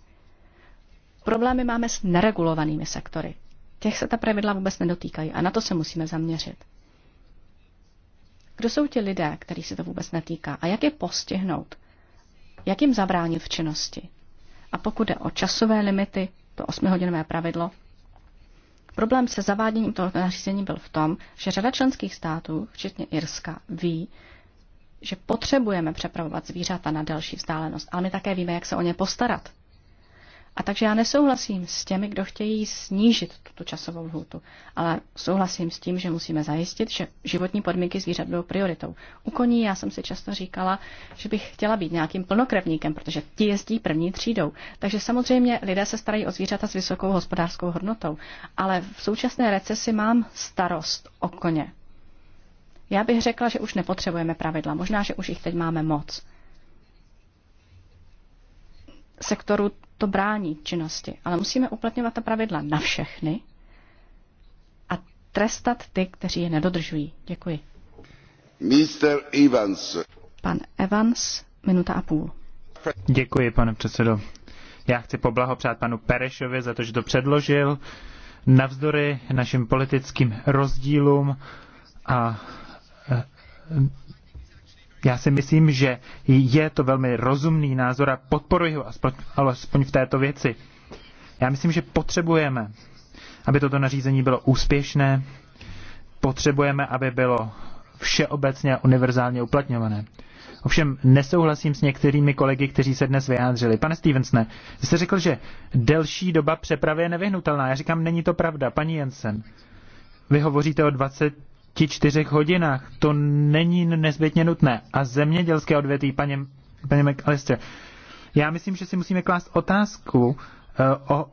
Problémy máme s neregulovanými sektory. Těch se ta pravidla vůbec nedotýkají a na to se musíme zaměřit. Kdo jsou ti lidé, který se to vůbec netýká a jak je postihnout? Jak jim zabránit v činnosti? A pokud jde o časové limity, to osmihodinové pravidlo, problém se zaváděním tohoto nařízení byl v tom, že řada členských států, včetně Irska, ví, že potřebujeme přepravovat zvířata na delší vzdálenost, ale my také víme, jak se o ně postarat. A takže já nesouhlasím s těmi, kdo chtějí snížit tuto časovou lhůtu, ale souhlasím s tím, že musíme zajistit, že životní podmínky zvířat budou prioritou. U koní já jsem si často říkala, že bych chtěla být nějakým plnokrevníkem, protože ti jezdí první třídou. Takže samozřejmě lidé se starají o zvířata s vysokou hospodářskou hodnotou, ale v současné recesi mám starost o koně. Já bych řekla, že už nepotřebujeme pravidla, možná, že už jich teď máme moc sektoru to brání činnosti, ale musíme uplatňovat ta pravidla na všechny a trestat ty, kteří je nedodržují. Děkuji. Mr. Evans. Pan Evans, minuta a půl. Děkuji, pane předsedo. Já chci poblahopřát panu Perešovi za to, že to předložil. Navzdory našim politickým rozdílům a e, já si myslím, že je to velmi rozumný názor a podporuji ho aspoň, alespoň v této věci. Já myslím, že potřebujeme, aby toto nařízení bylo úspěšné, potřebujeme, aby bylo všeobecně a univerzálně uplatňované. Ovšem nesouhlasím s některými kolegy, kteří se dnes vyjádřili. Pane Stevensne, vy jste řekl, že delší doba přepravy je nevyhnutelná. Já říkám, není to pravda. Paní Jensen, vy hovoříte o 20 pěti, čtyřech hodinách. To není nezbytně nutné. A zemědělské odvětví, paně, paně McAllister, já myslím, že si musíme klást otázku, eh, o,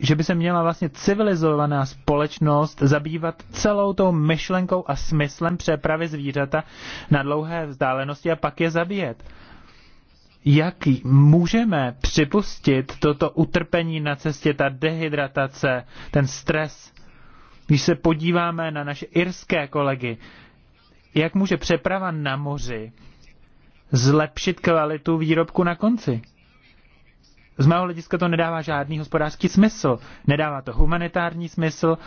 že by se měla vlastně civilizovaná společnost zabývat celou tou myšlenkou a smyslem přepravy zvířata na dlouhé vzdálenosti a pak je zabíjet. Jak můžeme připustit toto utrpení na cestě, ta dehydratace, ten stres? Když se podíváme na naše irské kolegy, jak může přeprava na moři zlepšit kvalitu výrobku na konci? Z mého hlediska to nedává žádný hospodářský smysl. Nedává to humanitární smysl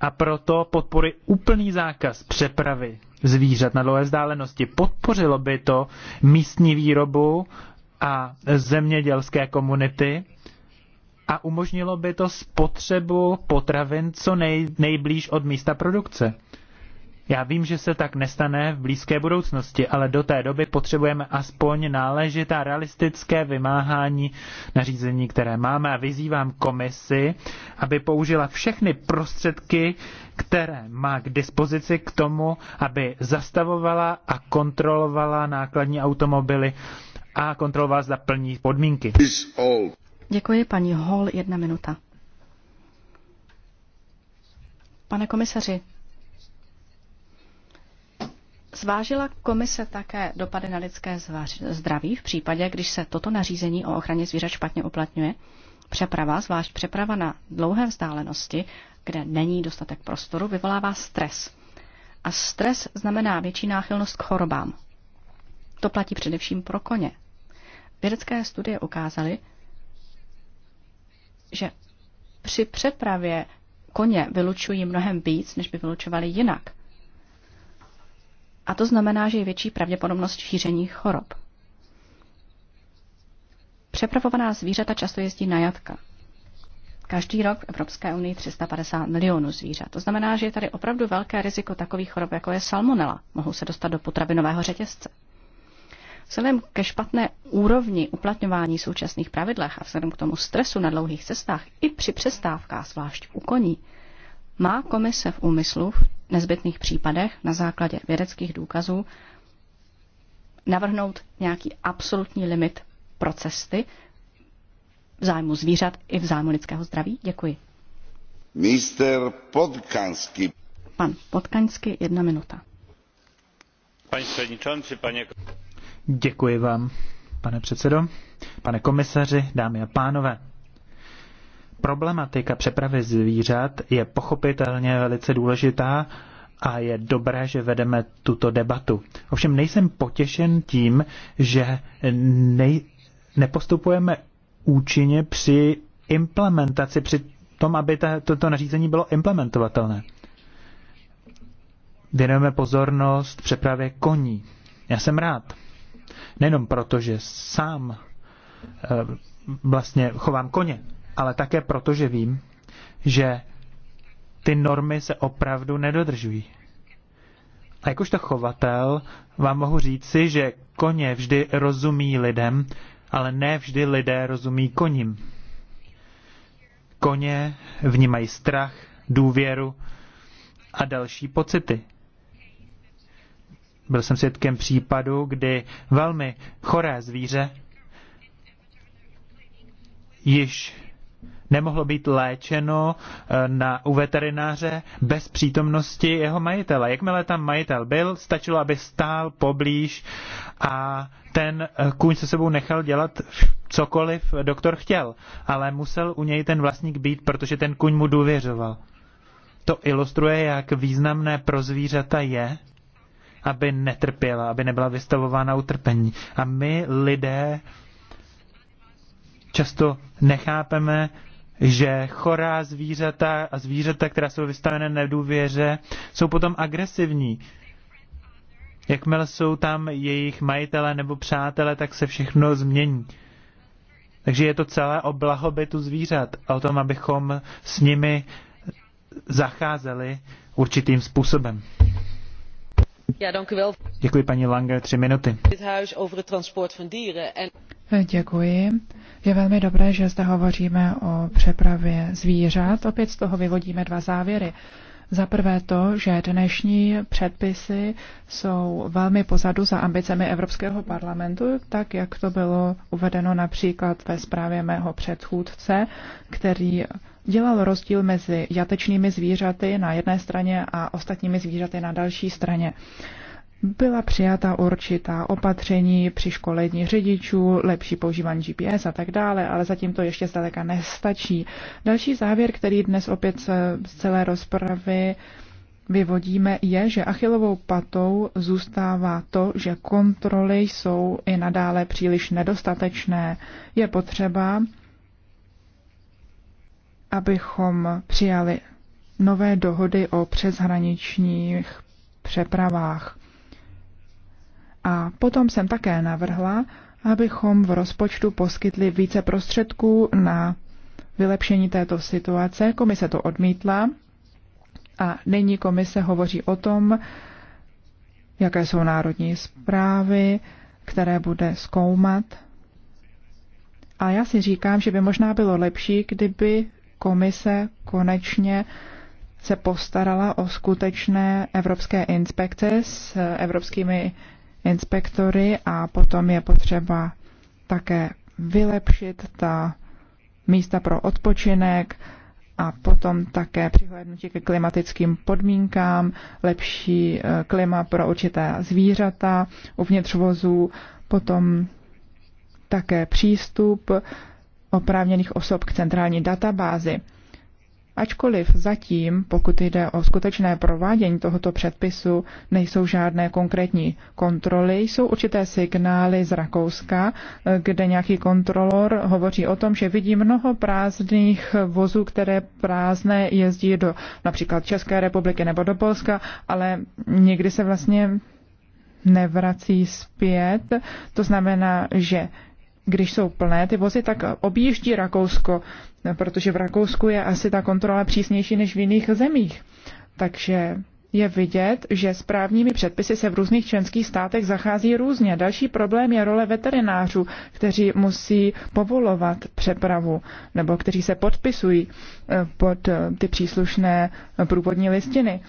a proto podpory úplný zákaz přepravy zvířat na dlouhé vzdálenosti. Podpořilo by to místní výrobu a zemědělské komunity a umožnilo by to spotřebu potravin co nej, nejblíž od místa produkce. Já vím, že se tak nestane v blízké budoucnosti, ale do té doby potřebujeme aspoň náležitá realistické vymáhání nařízení, které máme a vyzývám komisi, aby použila všechny prostředky, které má k dispozici k tomu, aby zastavovala a kontrolovala nákladní automobily a kontrolovala zda plní podmínky. Děkuji, paní Hall, jedna minuta. Pane komisaři, Zvážila komise také dopady na lidské zdraví v případě, když se toto nařízení o ochraně zvířat špatně uplatňuje? Přeprava, zvlášť přeprava na dlouhé vzdálenosti, kde není dostatek prostoru, vyvolává stres. A stres znamená větší náchylnost k chorobám. To platí především pro koně. Vědecké studie ukázaly, že při přepravě koně vylučují mnohem víc, než by vylučovali jinak. A to znamená, že je větší pravděpodobnost šíření chorob. Přepravovaná zvířata často jezdí na jatka. Každý rok v Evropské unii 350 milionů zvířat. To znamená, že je tady opravdu velké riziko takových chorob, jako je salmonela. Mohou se dostat do potravinového řetězce. Vzhledem ke špatné úrovni uplatňování současných pravidlech a vzhledem k tomu stresu na dlouhých cestách i při přestávkách, zvlášť u koní, má komise v úmyslu v nezbytných případech na základě vědeckých důkazů navrhnout nějaký absolutní limit pro cesty v zájmu zvířat i v zájmu lidského zdraví? Děkuji. Mr. Podkansky. Pan Podkansky, jedna minuta. Pani předsedající, paní Děkuji vám, pane předsedo, pane komisaři, dámy a pánové. Problematika přepravy zvířat je pochopitelně velice důležitá a je dobré, že vedeme tuto debatu. Ovšem nejsem potěšen tím, že nej, nepostupujeme účinně při implementaci, při tom, aby ta, toto nařízení bylo implementovatelné. Věnujeme pozornost přepravě koní. Já jsem rád, Nejenom proto, že sám eh, vlastně chovám koně, ale také proto, že vím, že ty normy se opravdu nedodržují. A jakožto chovatel vám mohu říci, že koně vždy rozumí lidem, ale ne vždy lidé rozumí koním. Koně vnímají strach, důvěru a další pocity. Byl jsem svědkem případu, kdy velmi choré zvíře již nemohlo být léčeno eh, na, u veterináře bez přítomnosti jeho majitele. Jakmile tam majitel byl, stačilo, aby stál poblíž a ten eh, kůň se sebou nechal dělat cokoliv doktor chtěl, ale musel u něj ten vlastník být, protože ten kuň mu důvěřoval. To ilustruje, jak významné pro zvířata je, aby netrpěla, aby nebyla vystavována utrpení. A my lidé často nechápeme, že chorá zvířata a zvířata, která jsou vystavena nedůvěře, jsou potom agresivní. Jakmile jsou tam jejich majitele nebo přátelé, tak se všechno změní. Takže je to celé o blahobytu zvířat a o tom, abychom s nimi zacházeli určitým způsobem. Děkuji paní Lange, tři minuty. Děkuji. Je velmi dobré, že zde hovoříme o přepravě zvířat. Opět z toho vyvodíme dva závěry. Za prvé to, že dnešní předpisy jsou velmi pozadu za ambicemi Evropského parlamentu, tak jak to bylo uvedeno například ve zprávě mého předchůdce, který dělal rozdíl mezi jatečnými zvířaty na jedné straně a ostatními zvířaty na další straně. Byla přijata určitá opatření při školení řidičů, lepší používání GPS a tak dále, ale zatím to ještě zdaleka nestačí. Další závěr, který dnes opět z celé rozpravy vyvodíme, je, že achilovou patou zůstává to, že kontroly jsou i nadále příliš nedostatečné. Je potřeba, abychom přijali nové dohody o přeshraničních přepravách. A potom jsem také navrhla, abychom v rozpočtu poskytli více prostředků na vylepšení této situace. Komise to odmítla a nyní komise hovoří o tom, jaké jsou národní zprávy, které bude zkoumat. A já si říkám, že by možná bylo lepší, kdyby komise konečně se postarala o skutečné evropské inspekce s evropskými inspektory a potom je potřeba také vylepšit ta místa pro odpočinek a potom také přihlédnutí ke klimatickým podmínkám, lepší eh, klima pro určité zvířata uvnitř vozů, potom také přístup oprávněných osob k centrální databázi. Ačkoliv zatím, pokud jde o skutečné provádění tohoto předpisu, nejsou žádné konkrétní kontroly, jsou určité signály z Rakouska, kde nějaký kontrolor hovoří o tom, že vidí mnoho prázdných vozů, které prázdné jezdí do například České republiky nebo do Polska, ale nikdy se vlastně nevrací zpět. To znamená, že když jsou plné ty vozy, tak objíždí Rakousko, protože v Rakousku je asi ta kontrola přísnější než v jiných zemích. Takže je vidět, že s právními předpisy se v různých členských státech zachází různě. Další problém je role veterinářů, kteří musí povolovat přepravu nebo kteří se podpisují eh, pod eh, ty příslušné průvodní listiny.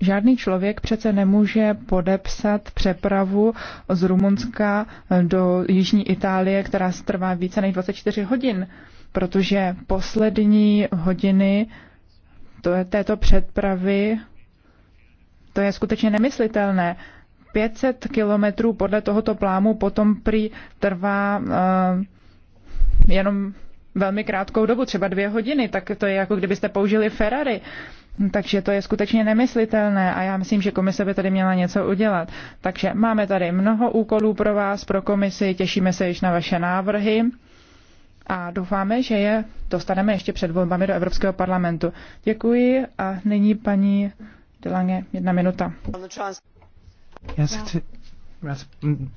Žádný člověk přece nemůže podepsat přepravu z Rumunska do Jižní Itálie, která trvá více než 24 hodin, protože poslední hodiny to je této přepravy, to je skutečně nemyslitelné. 500 kilometrů podle tohoto plámu potom prý trvá uh, jenom velmi krátkou dobu, třeba dvě hodiny, tak to je jako kdybyste použili Ferrari. Takže to je skutečně nemyslitelné a já myslím, že komise by tady měla něco udělat. Takže máme tady mnoho úkolů pro vás, pro komisi, těšíme se již na vaše návrhy a doufáme, že je dostaneme ještě před volbami do Evropského parlamentu. Děkuji a nyní paní Delange, jedna minuta. Já se chci, já se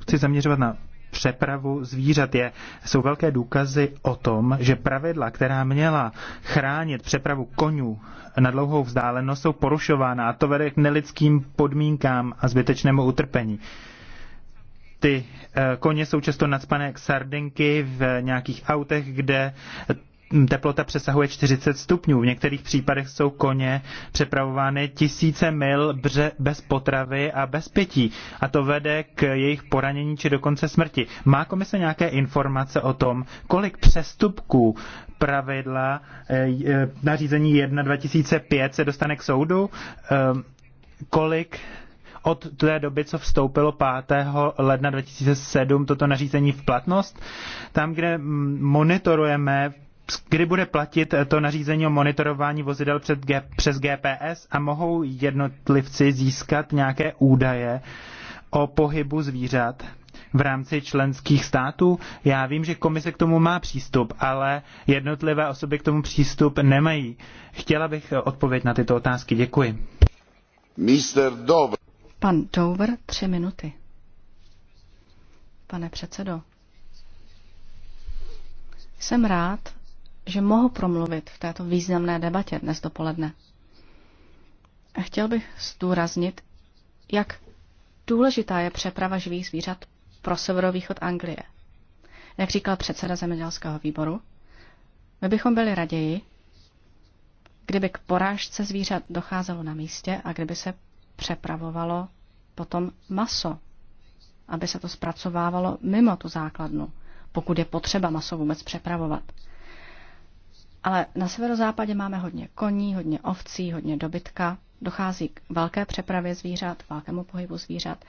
chci zaměřovat na přepravu zvířat. Je, jsou velké důkazy o tom, že pravidla, která měla chránit přepravu konňů na dlouhou vzdálenost, jsou porušována a to vede k nelidským podmínkám a zbytečnému utrpení. Ty eh, koně jsou často nadspané k sardinky v nějakých autech, kde Hm, teplota přesahuje 40 stupňů. V některých případech jsou koně přepravovány tisíce mil bře, bez potravy a bez pití a to vede k jejich poranění či dokonce smrti. Má komise nějaké informace o tom, kolik přestupků pravidla eh, eh, nařízení 1 2005 se dostane k soudu? Ehm, kolik od té doby, co vstoupilo 5. ledna 2007 toto nařízení v platnost. Tam, kde monitorujeme kdy bude platit to nařízení o monitorování vozidel před, přes GPS a mohou jednotlivci získat nějaké údaje o pohybu zvířat v rámci členských států. Já vím, že komise k tomu má přístup, ale jednotlivé osoby k tomu přístup nemají. Chtěla bych eh, odpověď na tyto otázky. Děkuji. Mr. Dover. Pan Dover, tři minuty. Pane předsedo, jsem rád, že mohu promluvit v této významné debatě dnes dopoledne. A chtěl bych zdůraznit, jak důležitá je přeprava živých zvířat pro severovýchod Anglie. Jak říkal předseda zemědělského výboru, my bychom byli raději, kdyby k porážce zvířat docházelo na místě a kdyby se přepravovalo potom maso, aby se to zpracovávalo mimo tu základnu, pokud je potřeba maso vůbec přepravovat. Ale na severozápadě máme hodně koní, hodně ovcí, hodně dobytka. Dochází k velké přepravě zvířat, velkému pohybu zvířat.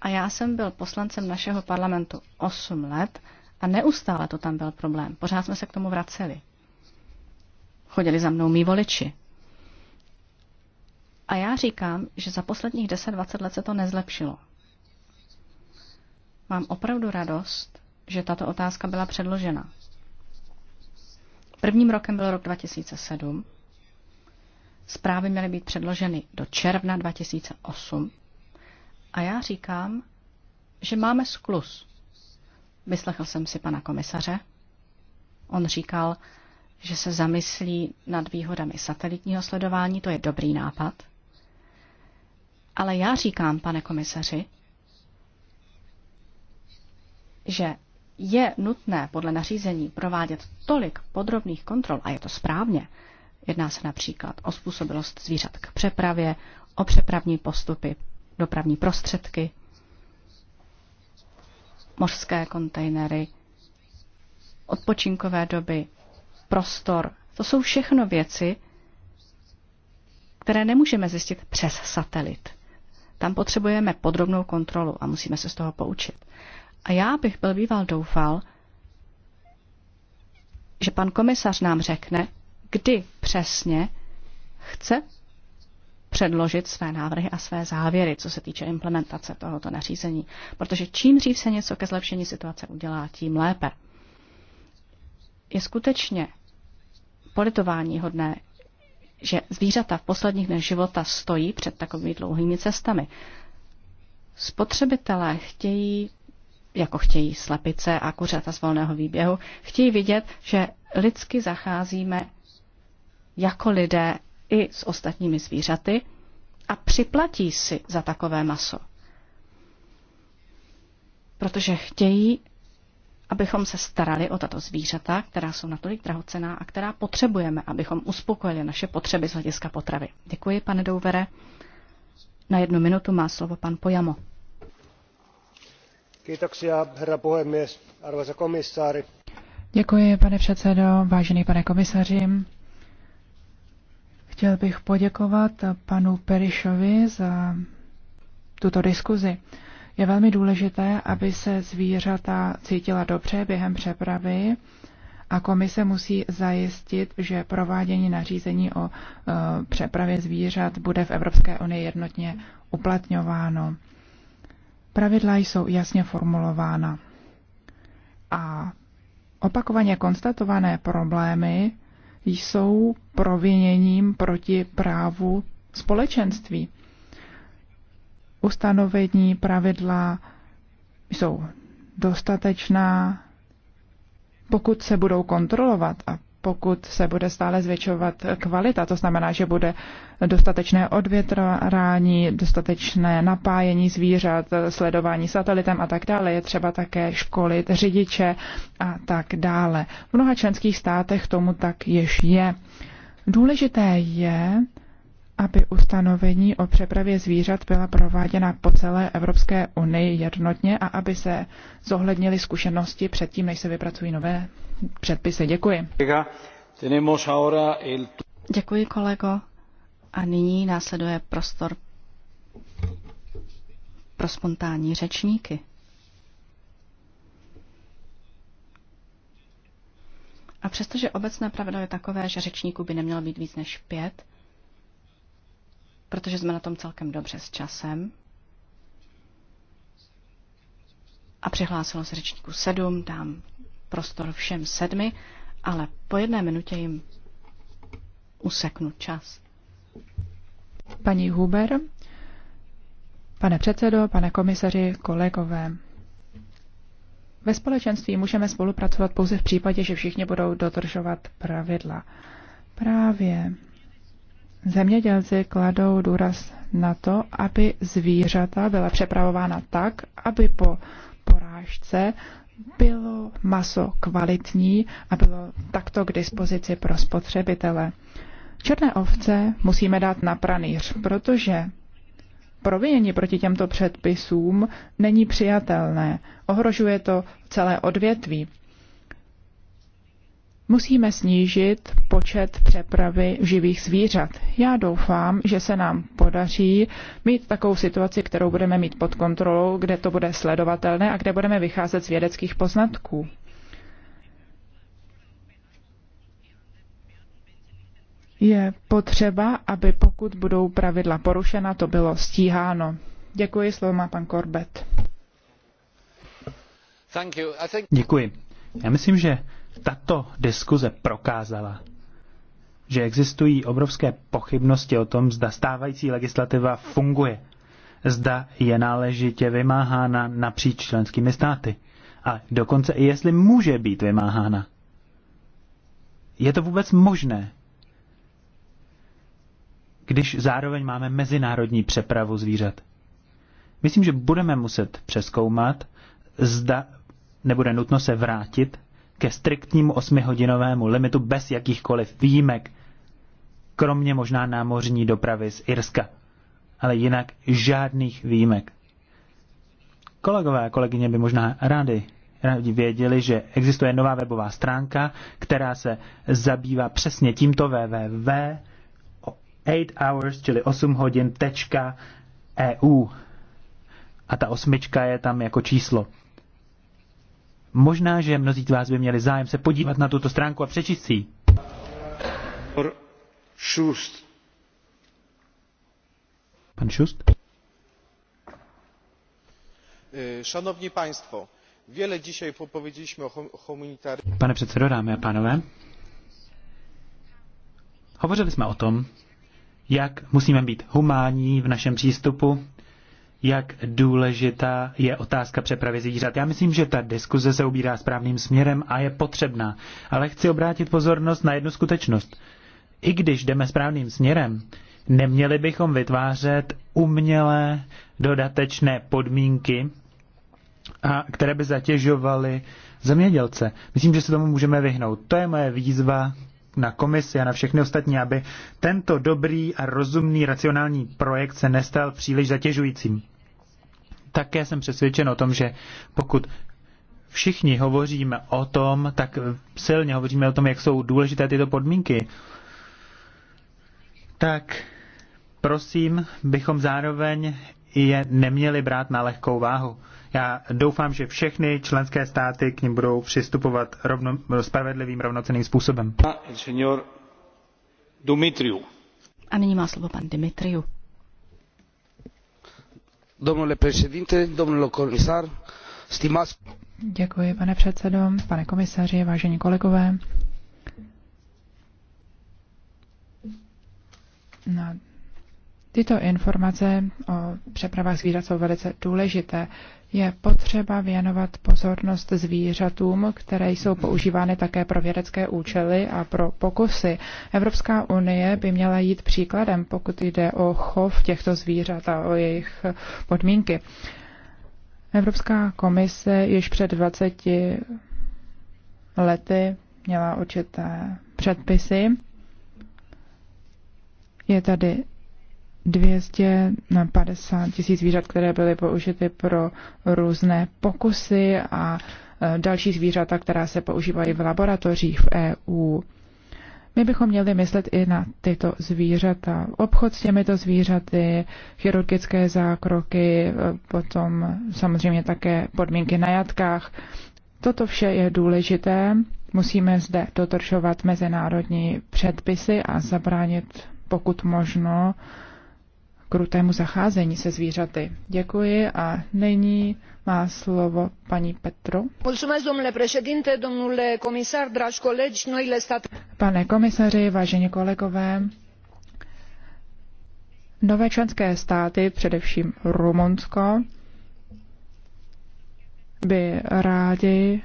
A já jsem byl poslancem našeho parlamentu 8 let a neustále to tam byl problém. Pořád jsme se k tomu vraceli. Chodili za mnou mý voliči. A já říkám, že za posledních 10-20 let se to nezlepšilo. Mám opravdu radost, že tato otázka byla předložena. Prvním rokem byl rok 2007. Zprávy měly být předloženy do června 2008. A já říkám, že máme sklus. Vyslechl jsem si pana komisaře. On říkal, že se zamyslí nad výhodami satelitního sledování, to je dobrý nápad. Ale já říkám, pane komisaři, že je nutné podle nařízení provádět tolik podrobných kontrol, a je to správně, jedná se například o způsobilost zvířat k přepravě, o přepravní postupy, dopravní prostředky, mořské kontejnery, odpočinkové doby, prostor. To jsou všechno věci, které nemůžeme zjistit přes satelit. Tam potřebujeme podrobnou kontrolu a musíme se z toho poučit. A já bych byl býval doufal, že pan komisař nám řekne, kdy přesně chce předložit své návrhy a své závěry, co se týče implementace tohoto nařízení. Protože čím dřív se něco ke zlepšení situace udělá, tím lépe. Je skutečně politování hodné, že zvířata v posledních dnech života stojí před takovými dlouhými cestami. Spotřebitelé chtějí jako chtějí slepice a kuřata z volného výběhu, chtějí vidět, že lidsky zacházíme jako lidé i s ostatními zvířaty a připlatí si za takové maso. Protože chtějí, abychom se starali o tato zvířata, která jsou natolik drahocená a která potřebujeme, abychom uspokojili naše potřeby z hlediska potravy. Děkuji, pane Douvere. Na jednu minutu má slovo pan Pojamo herra puhemies arvoisa komissaari Děkuji, pane předsedo, vážený pane komisaři. Chtěl bych poděkovat panu Perišovi za tuto diskuzi. Je velmi důležité, aby se zvířata cítila dobře během přepravy a komise musí zajistit, že provádění nařízení o e, přepravě zvířat bude v Evropské unii jednotně uplatňováno. Pravidla jsou jasně formulována. A opakovaně konstatované problémy jsou proviněním proti právu společenství. Ustanovení pravidla jsou dostatečná, pokud se budou kontrolovat a pokud se bude stále zvětšovat kvalita, to znamená, že bude dostatečné odvětrání, dostatečné napájení zvířat, sledování satelitem a tak dále. Je třeba také školit řidiče a tak dále. V mnoha členských státech tomu tak již je. Důležité je, aby ustanovení o přepravě zvířat byla prováděna po celé Evropské unii jednotně a aby se zohlednily zkušenosti předtím, než se vypracují nové předpisy. Děkuji. Děkuji, kolego. A nyní následuje prostor pro spontánní řečníky. A přestože obecné pravidlo je takové, že řečníků by nemělo být víc než pět, protože jsme na tom celkem dobře s časem, a přihlásilo se řečníků sedm, dám prostor všem sedmi, ale po jedné minutě jim useknu čas. Paní Huber, pane předsedo, pane komisaři, kolegové. Ve společenství můžeme spolupracovat pouze v případě, že všichni budou dodržovat pravidla. Právě Zemědělci kladou důraz na to, aby zvířata byla přepravována tak, aby po porážce bylo maso kvalitní a bylo takto k dispozici pro spotřebitele. Černé ovce musíme dát na pranýř, protože provinění proti těmto předpisům není přijatelné. Ohrožuje to celé odvětví. Musíme snížit počet přepravy živých zvířat. Já doufám, že se nám podaří mít takovou situaci, kterou budeme mít pod kontrolou, kde to bude sledovatelné a kde budeme vycházet z vědeckých poznatků. Je potřeba, aby pokud budou pravidla porušena, to bylo stíháno. Děkuji, slovo má pan Korbet. Děkuji. Já myslím, že tato diskuze prokázala, že existují obrovské pochybnosti o tom, zda stávající legislativa funguje, zda je náležitě vymáhána napříč členskými státy a dokonce i jestli může být vymáhána. Je to vůbec možné, když zároveň máme mezinárodní přepravu zvířat? Myslím, že budeme muset přeskoumat, zda nebude nutno se vrátit ke striktnímu osmihodinovému limitu bez jakýchkoliv výjimek, kromě možná námořní dopravy z Irska. Ale jinak žádných výjimek. Kolegové a kolegyně by možná rádi, rádi věděli, že existuje nová webová stránka, která se zabývá přesně tímto www 8 hours, čili 8 hodin, tečka, EU. A ta osmička je tam jako číslo. Možná, že mnozí z vás by měli zájem se podívat na tuto stránku a přečíst si Šust. Pan Šust? E, Szanowni Państwo, wiele dzisiaj powiedzieliśmy o humanitarium. Pane předsedo, dámy a pánové, hovořili jsme o tom, jak musíme být humánní v našem přístupu jak důležitá je otázka přepravy zvířat. Já myslím, že ta diskuze se ubírá správným směrem a je potřebná. Ale chci obrátit pozornost na jednu skutečnost. I když jdeme správným směrem, neměli bychom vytvářet umělé dodatečné podmínky, a které by zatěžovaly zemědělce. Myslím, že se tomu můžeme vyhnout. To je moje výzva na komisi a na všechny ostatní, aby tento dobrý a rozumný racionální projekt se nestal příliš zatěžujícím. Také jsem přesvědčen o tom, že pokud všichni hovoříme o tom, tak silně hovoříme o tom, jak jsou důležité tyto podmínky, tak prosím, bychom zároveň je neměli brát na lehkou váhu. Já doufám, že všechny členské státy k ním budou přistupovat rovno, spravedlivým, rovnoceným způsobem. Dumitriu. A nyní má slovo pan Dimitriu. Domnule președinte, domnule comisar, stimați... Děkuji, pane předsedo, pane komisaři, vážení kolegové. No, tyto informace o přepravách zvířat jsou velice důležité je potřeba věnovat pozornost zvířatům, které jsou používány také pro vědecké účely a pro pokusy. Evropská unie by měla jít příkladem, pokud jde o chov těchto zvířat a o jejich podmínky. Evropská komise již před 20 lety měla určité předpisy. Je tady 250 tisíc zvířat, které byly použity pro různé pokusy a e, další zvířata, která se používají v laboratořích v EU. My bychom měli myslet i na tyto zvířata. Obchod s těmito zvířaty, chirurgické zákroky, e, potom samozřejmě také podmínky na jatkách. Toto vše je důležité. Musíme zde dotržovat mezinárodní předpisy a zabránit, pokud možno, krutému zacházení se zvířaty. Děkuji a nyní má slovo paní Petro. Pane komisaři, vážení kolegové, nové členské státy, především Rumunsko, by rádi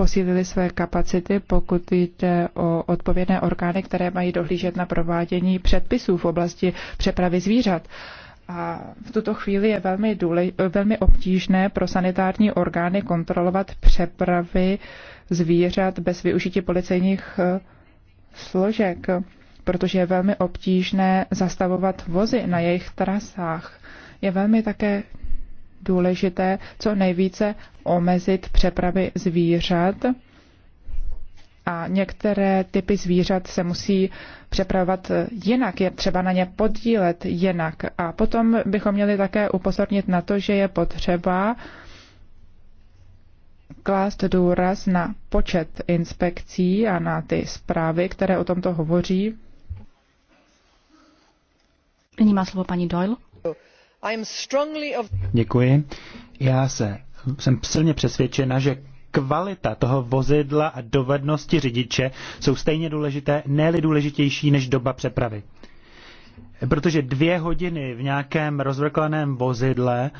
posílili své kapacity, pokud jde o odpovědné orgány, které mají dohlížet na provádění předpisů v oblasti přepravy zvířat. A v tuto chvíli je velmi, důle, velmi obtížné pro sanitární orgány kontrolovat přepravy zvířat bez využití policejních eh, složek, protože je velmi obtížné zastavovat vozy na jejich trasách. Je velmi také důležité co nejvíce omezit přepravy zvířat a některé typy zvířat se musí přepravovat jinak, je třeba na ně podílet jinak. A potom bychom měli také upozornit na to, že je potřeba klást důraz na počet inspekcí a na ty zprávy, které o tomto hovoří. Nyní má slovo paní Doyle. Děkuji. Já se, jsem silně přesvědčena, že kvalita toho vozidla a dovednosti řidiče jsou stejně důležité, ne-li důležitější než doba přepravy protože dvě hodiny v nějakém rozvrkleném vozidle,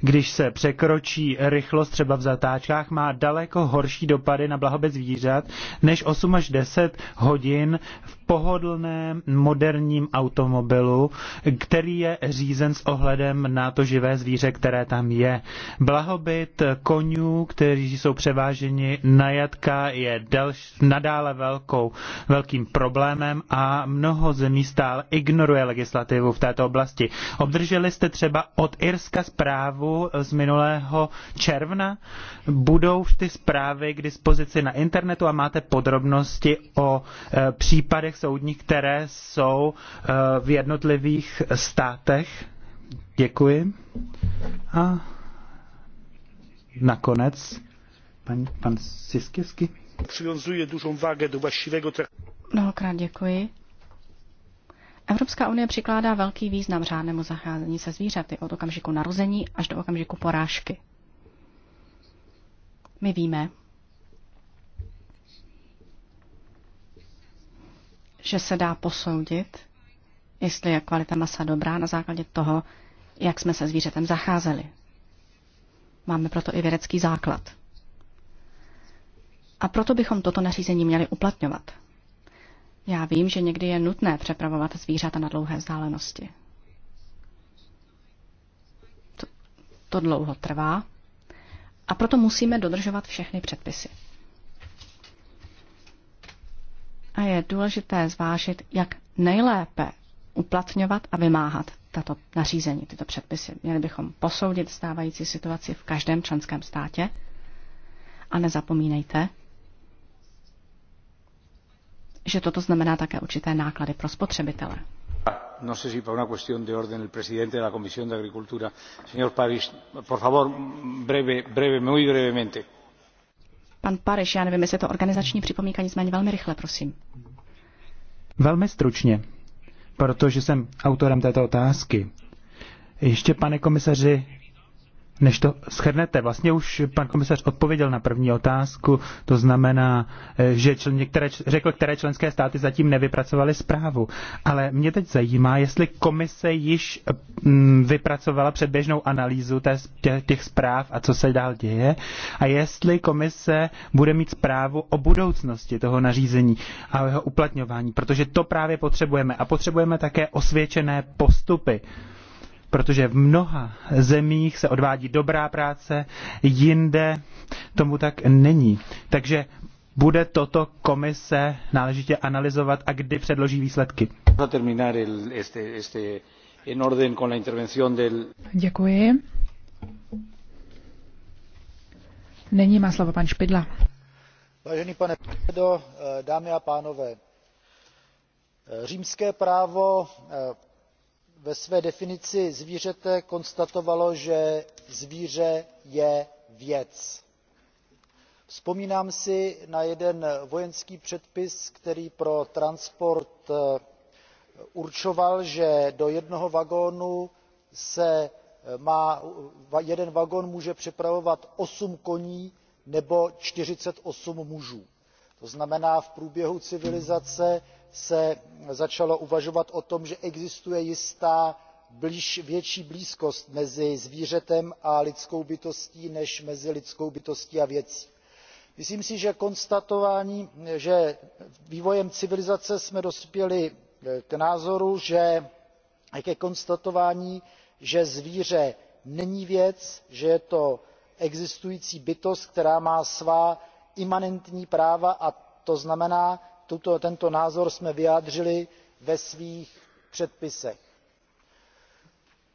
když se překročí rychlost třeba v zatáčkách, má daleko horší dopady na blahobyt zvířat, než 8 až 10 hodin v pohodlném moderním automobilu, který je řízen s ohledem na to živé zvíře, které tam je. Blahobyt konňů, kteří jsou převáženi na jatka, je dalš, nadále velkou, velkým problémem a mnoho zemí stále ignoruje legislativu legislativu v této oblasti. Obdrželi jste třeba od Irska zprávu eh, z minulého června? Budou ty zprávy k dispozici na internetu a máte podrobnosti o eh, případech soudních, které jsou eh, v jednotlivých státech? Děkuji. A nakonec pan, pan Siskivský. Przywiązuje dużą wagę do właściwego Mnohokrát děkuji. Evropská unie přikládá velký význam řádnému zacházení se zvířaty od okamžiku narození až do okamžiku porážky. My víme, že se dá posoudit, jestli je kvalita masa dobrá na základě toho, jak jsme se zvířetem zacházeli. Máme proto i vědecký základ. A proto bychom toto nařízení měli uplatňovat. Já vím, že někdy je nutné přepravovat zvířata na dlouhé vzdálenosti. To, to dlouho trvá a proto musíme dodržovat všechny předpisy. A je důležité zvážit, jak nejlépe uplatňovat a vymáhat tato nařízení, tyto předpisy. Měli bychom posoudit stávající situaci v každém členském státě. A nezapomínejte, že toto znamená také určité náklady pro spotřebitele. No sé si por una cuestión de orden el presidente de la Comisión de Agricultura. Señor París, por favor, breve, breve, muy brevemente. Pan Pareš, já nevím, jestli je to organizační připomínka, nicméně velmi rychle, prosím. Velmi stručně, protože jsem autorem této otázky. Ještě, pane komisaři, než to schrnete, vlastně už pan komisař odpověděl na první otázku, to znamená, eh, že čl- některé, řekl, které členské státy zatím nevypracovaly zprávu. Ale mě teď zajímá, jestli komise již mm, vypracovala předběžnou analýzu těch zpráv a co se dál děje a jestli komise bude mít zprávu o budoucnosti toho nařízení a o jeho uplatňování, protože to právě potřebujeme. A potřebujeme také osvědčené postupy protože v mnoha zemích se odvádí dobrá práce, jinde tomu tak není. Takže bude toto komise náležitě analyzovat a kdy předloží výsledky. Děkuji. Není má slovo pan Špidla. Vážený pane předsedo, dámy a pánové, římské právo ve své definici zvířete konstatovalo že zvíře je věc. vzpomínám si na jeden vojenský předpis který pro transport eh, určoval že do jednoho vagónu se eh, eh, jeden vagón může přepravovat osm koní nebo čtyřicet osm mužů. to znamená v průběhu civilizace se začalo uvažovat o tom že existuje jistá větší blízkost mezi zvířetem a lidskou bytostí než mezi lidskou bytostí a věcí. myslím si že konstatování že vývojem civilizace jsme dospěli k názoru že zvíře není věc že je to existující bytost která má svá imanentní práva a to znamená tento názor jsme vyjádřili ve svých předpisech.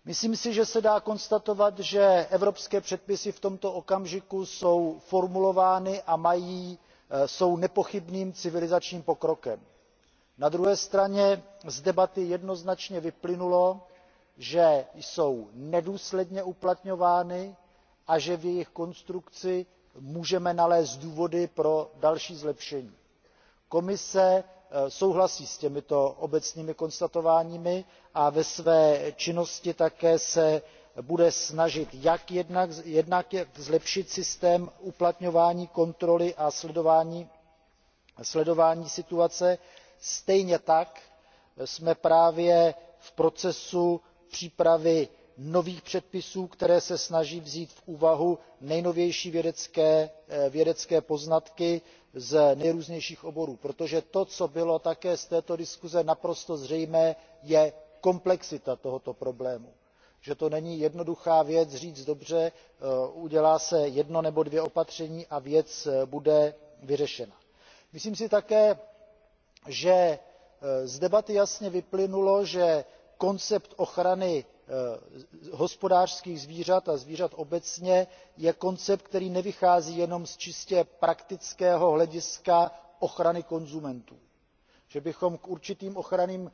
myslím si že se dá konstatovat že evropské předpisy v tomto okamžiku jsou formulovány a e, jsou nepochybným civilizačním pokrokem. na druhé straně z debaty jednoznačně vyplynulo že jsou nedůsledně uplatňovány a že v jejich konstrukci můžeme nalézt důvody pro další zlepšení komise eh, souhlasí s těmito obecnými konstatováními a ve své činnosti se také bude snažit jednak zlepšit systém uplatňování kontroly a sledování situace stejně tak jsme právě v procesu přípravy nových předpisů které se snaží vzít v úvahu nejnovější vědecké eh, poznatky z nejrůznějších oborů protože to co bylo také z této diskuse naprosto zřejmé je komplexita tohoto problému že to není jednoduchá věc říct dobře eh, udělá se jedno nebo dvě opatření a věc eh, bude vyřešena. myslím si také že eh, z debaty jasně vyplynulo že koncept ochrany Eh, hospodářských zvířat a zvířat obecně je koncept který nevychází jenom z čistě praktického hlediska ochrany konzumentů že bychom k určitým ochranným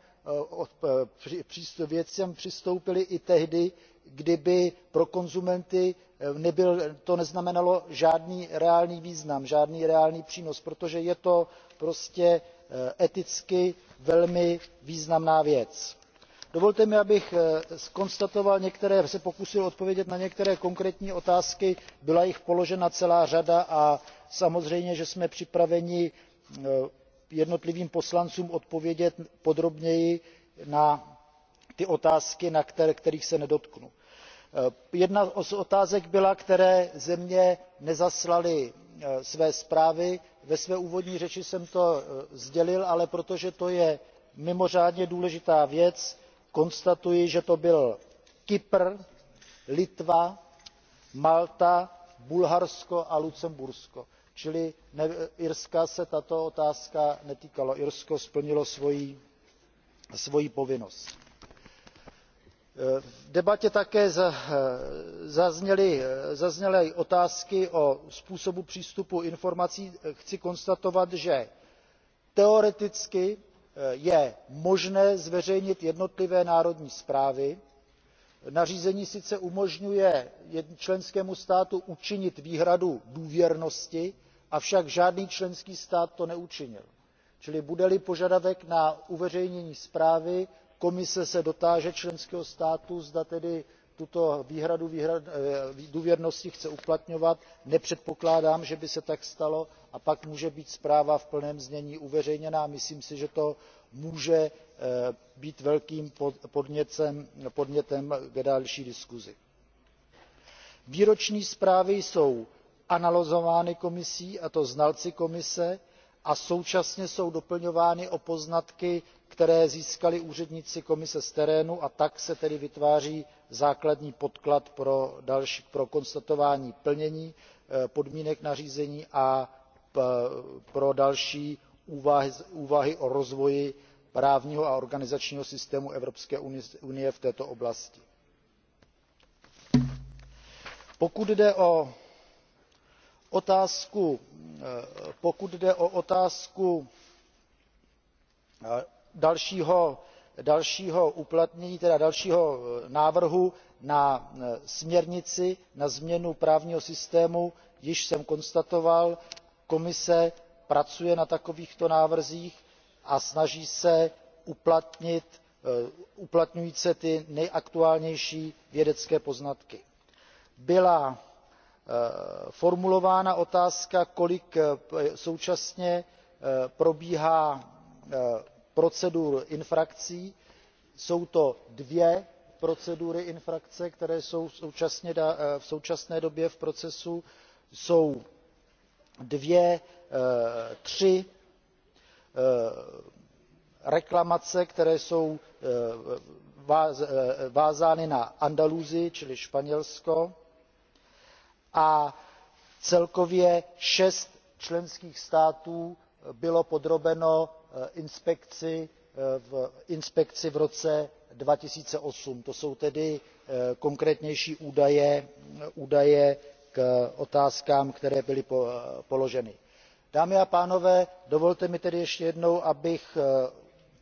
eh, eh, věcem přistoupili i tehdy kdyby pro konzumenty to neznamenalo žádný reálný význam žádný reálný přínos protože je to prostě eticky velmi významná věc dovolte mi abych eh, se pokusil odpovědět na některé konkrétní otázky byla jich položena celá řada a samozřejmě že jsme připraveni eh, jednotlivým poslancům odpovědět podrobněji na ty otázky kterých se nedotknu. Eh, jedna z otázek byla které země nezaslaly své zprávy. ve své úvodní řeči jsem to sdělil ale protože to je mimořádně důležitá věc konstatuji že to byl kypr litva malta bulharsko a lucembursko čili irska se tato otázka netýkala irsko splnilo svoji povinnost. v debatě také zazněly otázky o způsobu přístupu k informacím. chci konstatovat že teoreticky Eh, je možné zveřejnit jednotlivé národní zprávy nařízení sice umožňuje členskému státu učinit výhradu důvěrnosti avšak žádný členský stát to neučinil čili bude li požadavek na uveřejnění zprávy komise se dotáže členského státu zda tedy tuto výhradu eh, důvěrnosti chce uplatňovat nepředpokládám že by se tak stalo a pak může být zpráva v plném znění uveřejněna a myslím si že to může eh, být velkým podnětem k další diskusi. výroční zprávy jsou analyzovány komisí a to znalci komise a současně jsou doplňovány o poznatky které získali úředníci komise z terénu a tak se tedy vytváří základní podklad pro konstatování plnění eh, podmínek nařízení a eh, pro další úvahy o rozvoji právního a organizačního systému evropské unie v této oblasti. pokud jde o Eh, pokud jde o otázku eh, dalšího uplatnění tedy dalšího eh, návrhu na směrnici na změnu právního systému již jsem konstatoval komise pracuje na takovýchto návrzích a snaží se uplatnit uplatňují se ty nejaktuálnější vědecké poznatky. byla Eh, formulována otázka kolik eh, současně eh, probíhá procedur infrakcí jsou to dvě procedury infrakce které jsou v současné době v procesu jsou tři reklamace které jsou vázány na andalusii čili španělsko a celkově šest členských států bylo podrobeno eh, eh, inspekci v roce. two thousand and eight to jsou tedy eh, konkrétnější údaje k otázkám které byly položeny. dámy a pánové dovolte mi tedy ještě jednou abych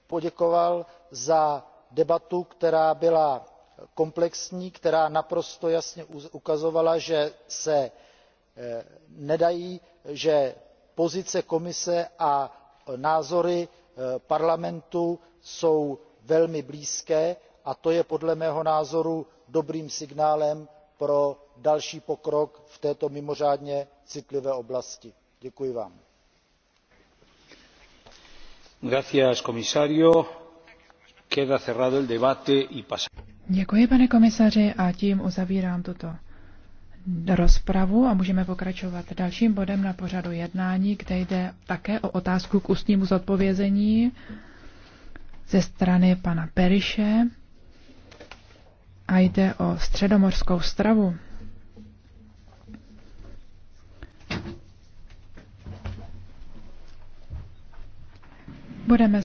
poděkoval za debatu která byla komplexní která naprosto jasně ukazovala že se eh, nedají že pozice komise a názory eh, parlamentu jsou velmi blízké a to je podle mého názoru dobrým signálem pro další pokrok v této mimořádně citlivé oblasti. děkuji vám. Děkuji, pane komisaři, a tím uzavírám tuto rozpravu a můžeme pokračovat dalším bodem na pořadu jednání, kde jde také o otázku k ústnímu zodpovězení ze strany pana Periše a jde o středomorskou stravu. Budeme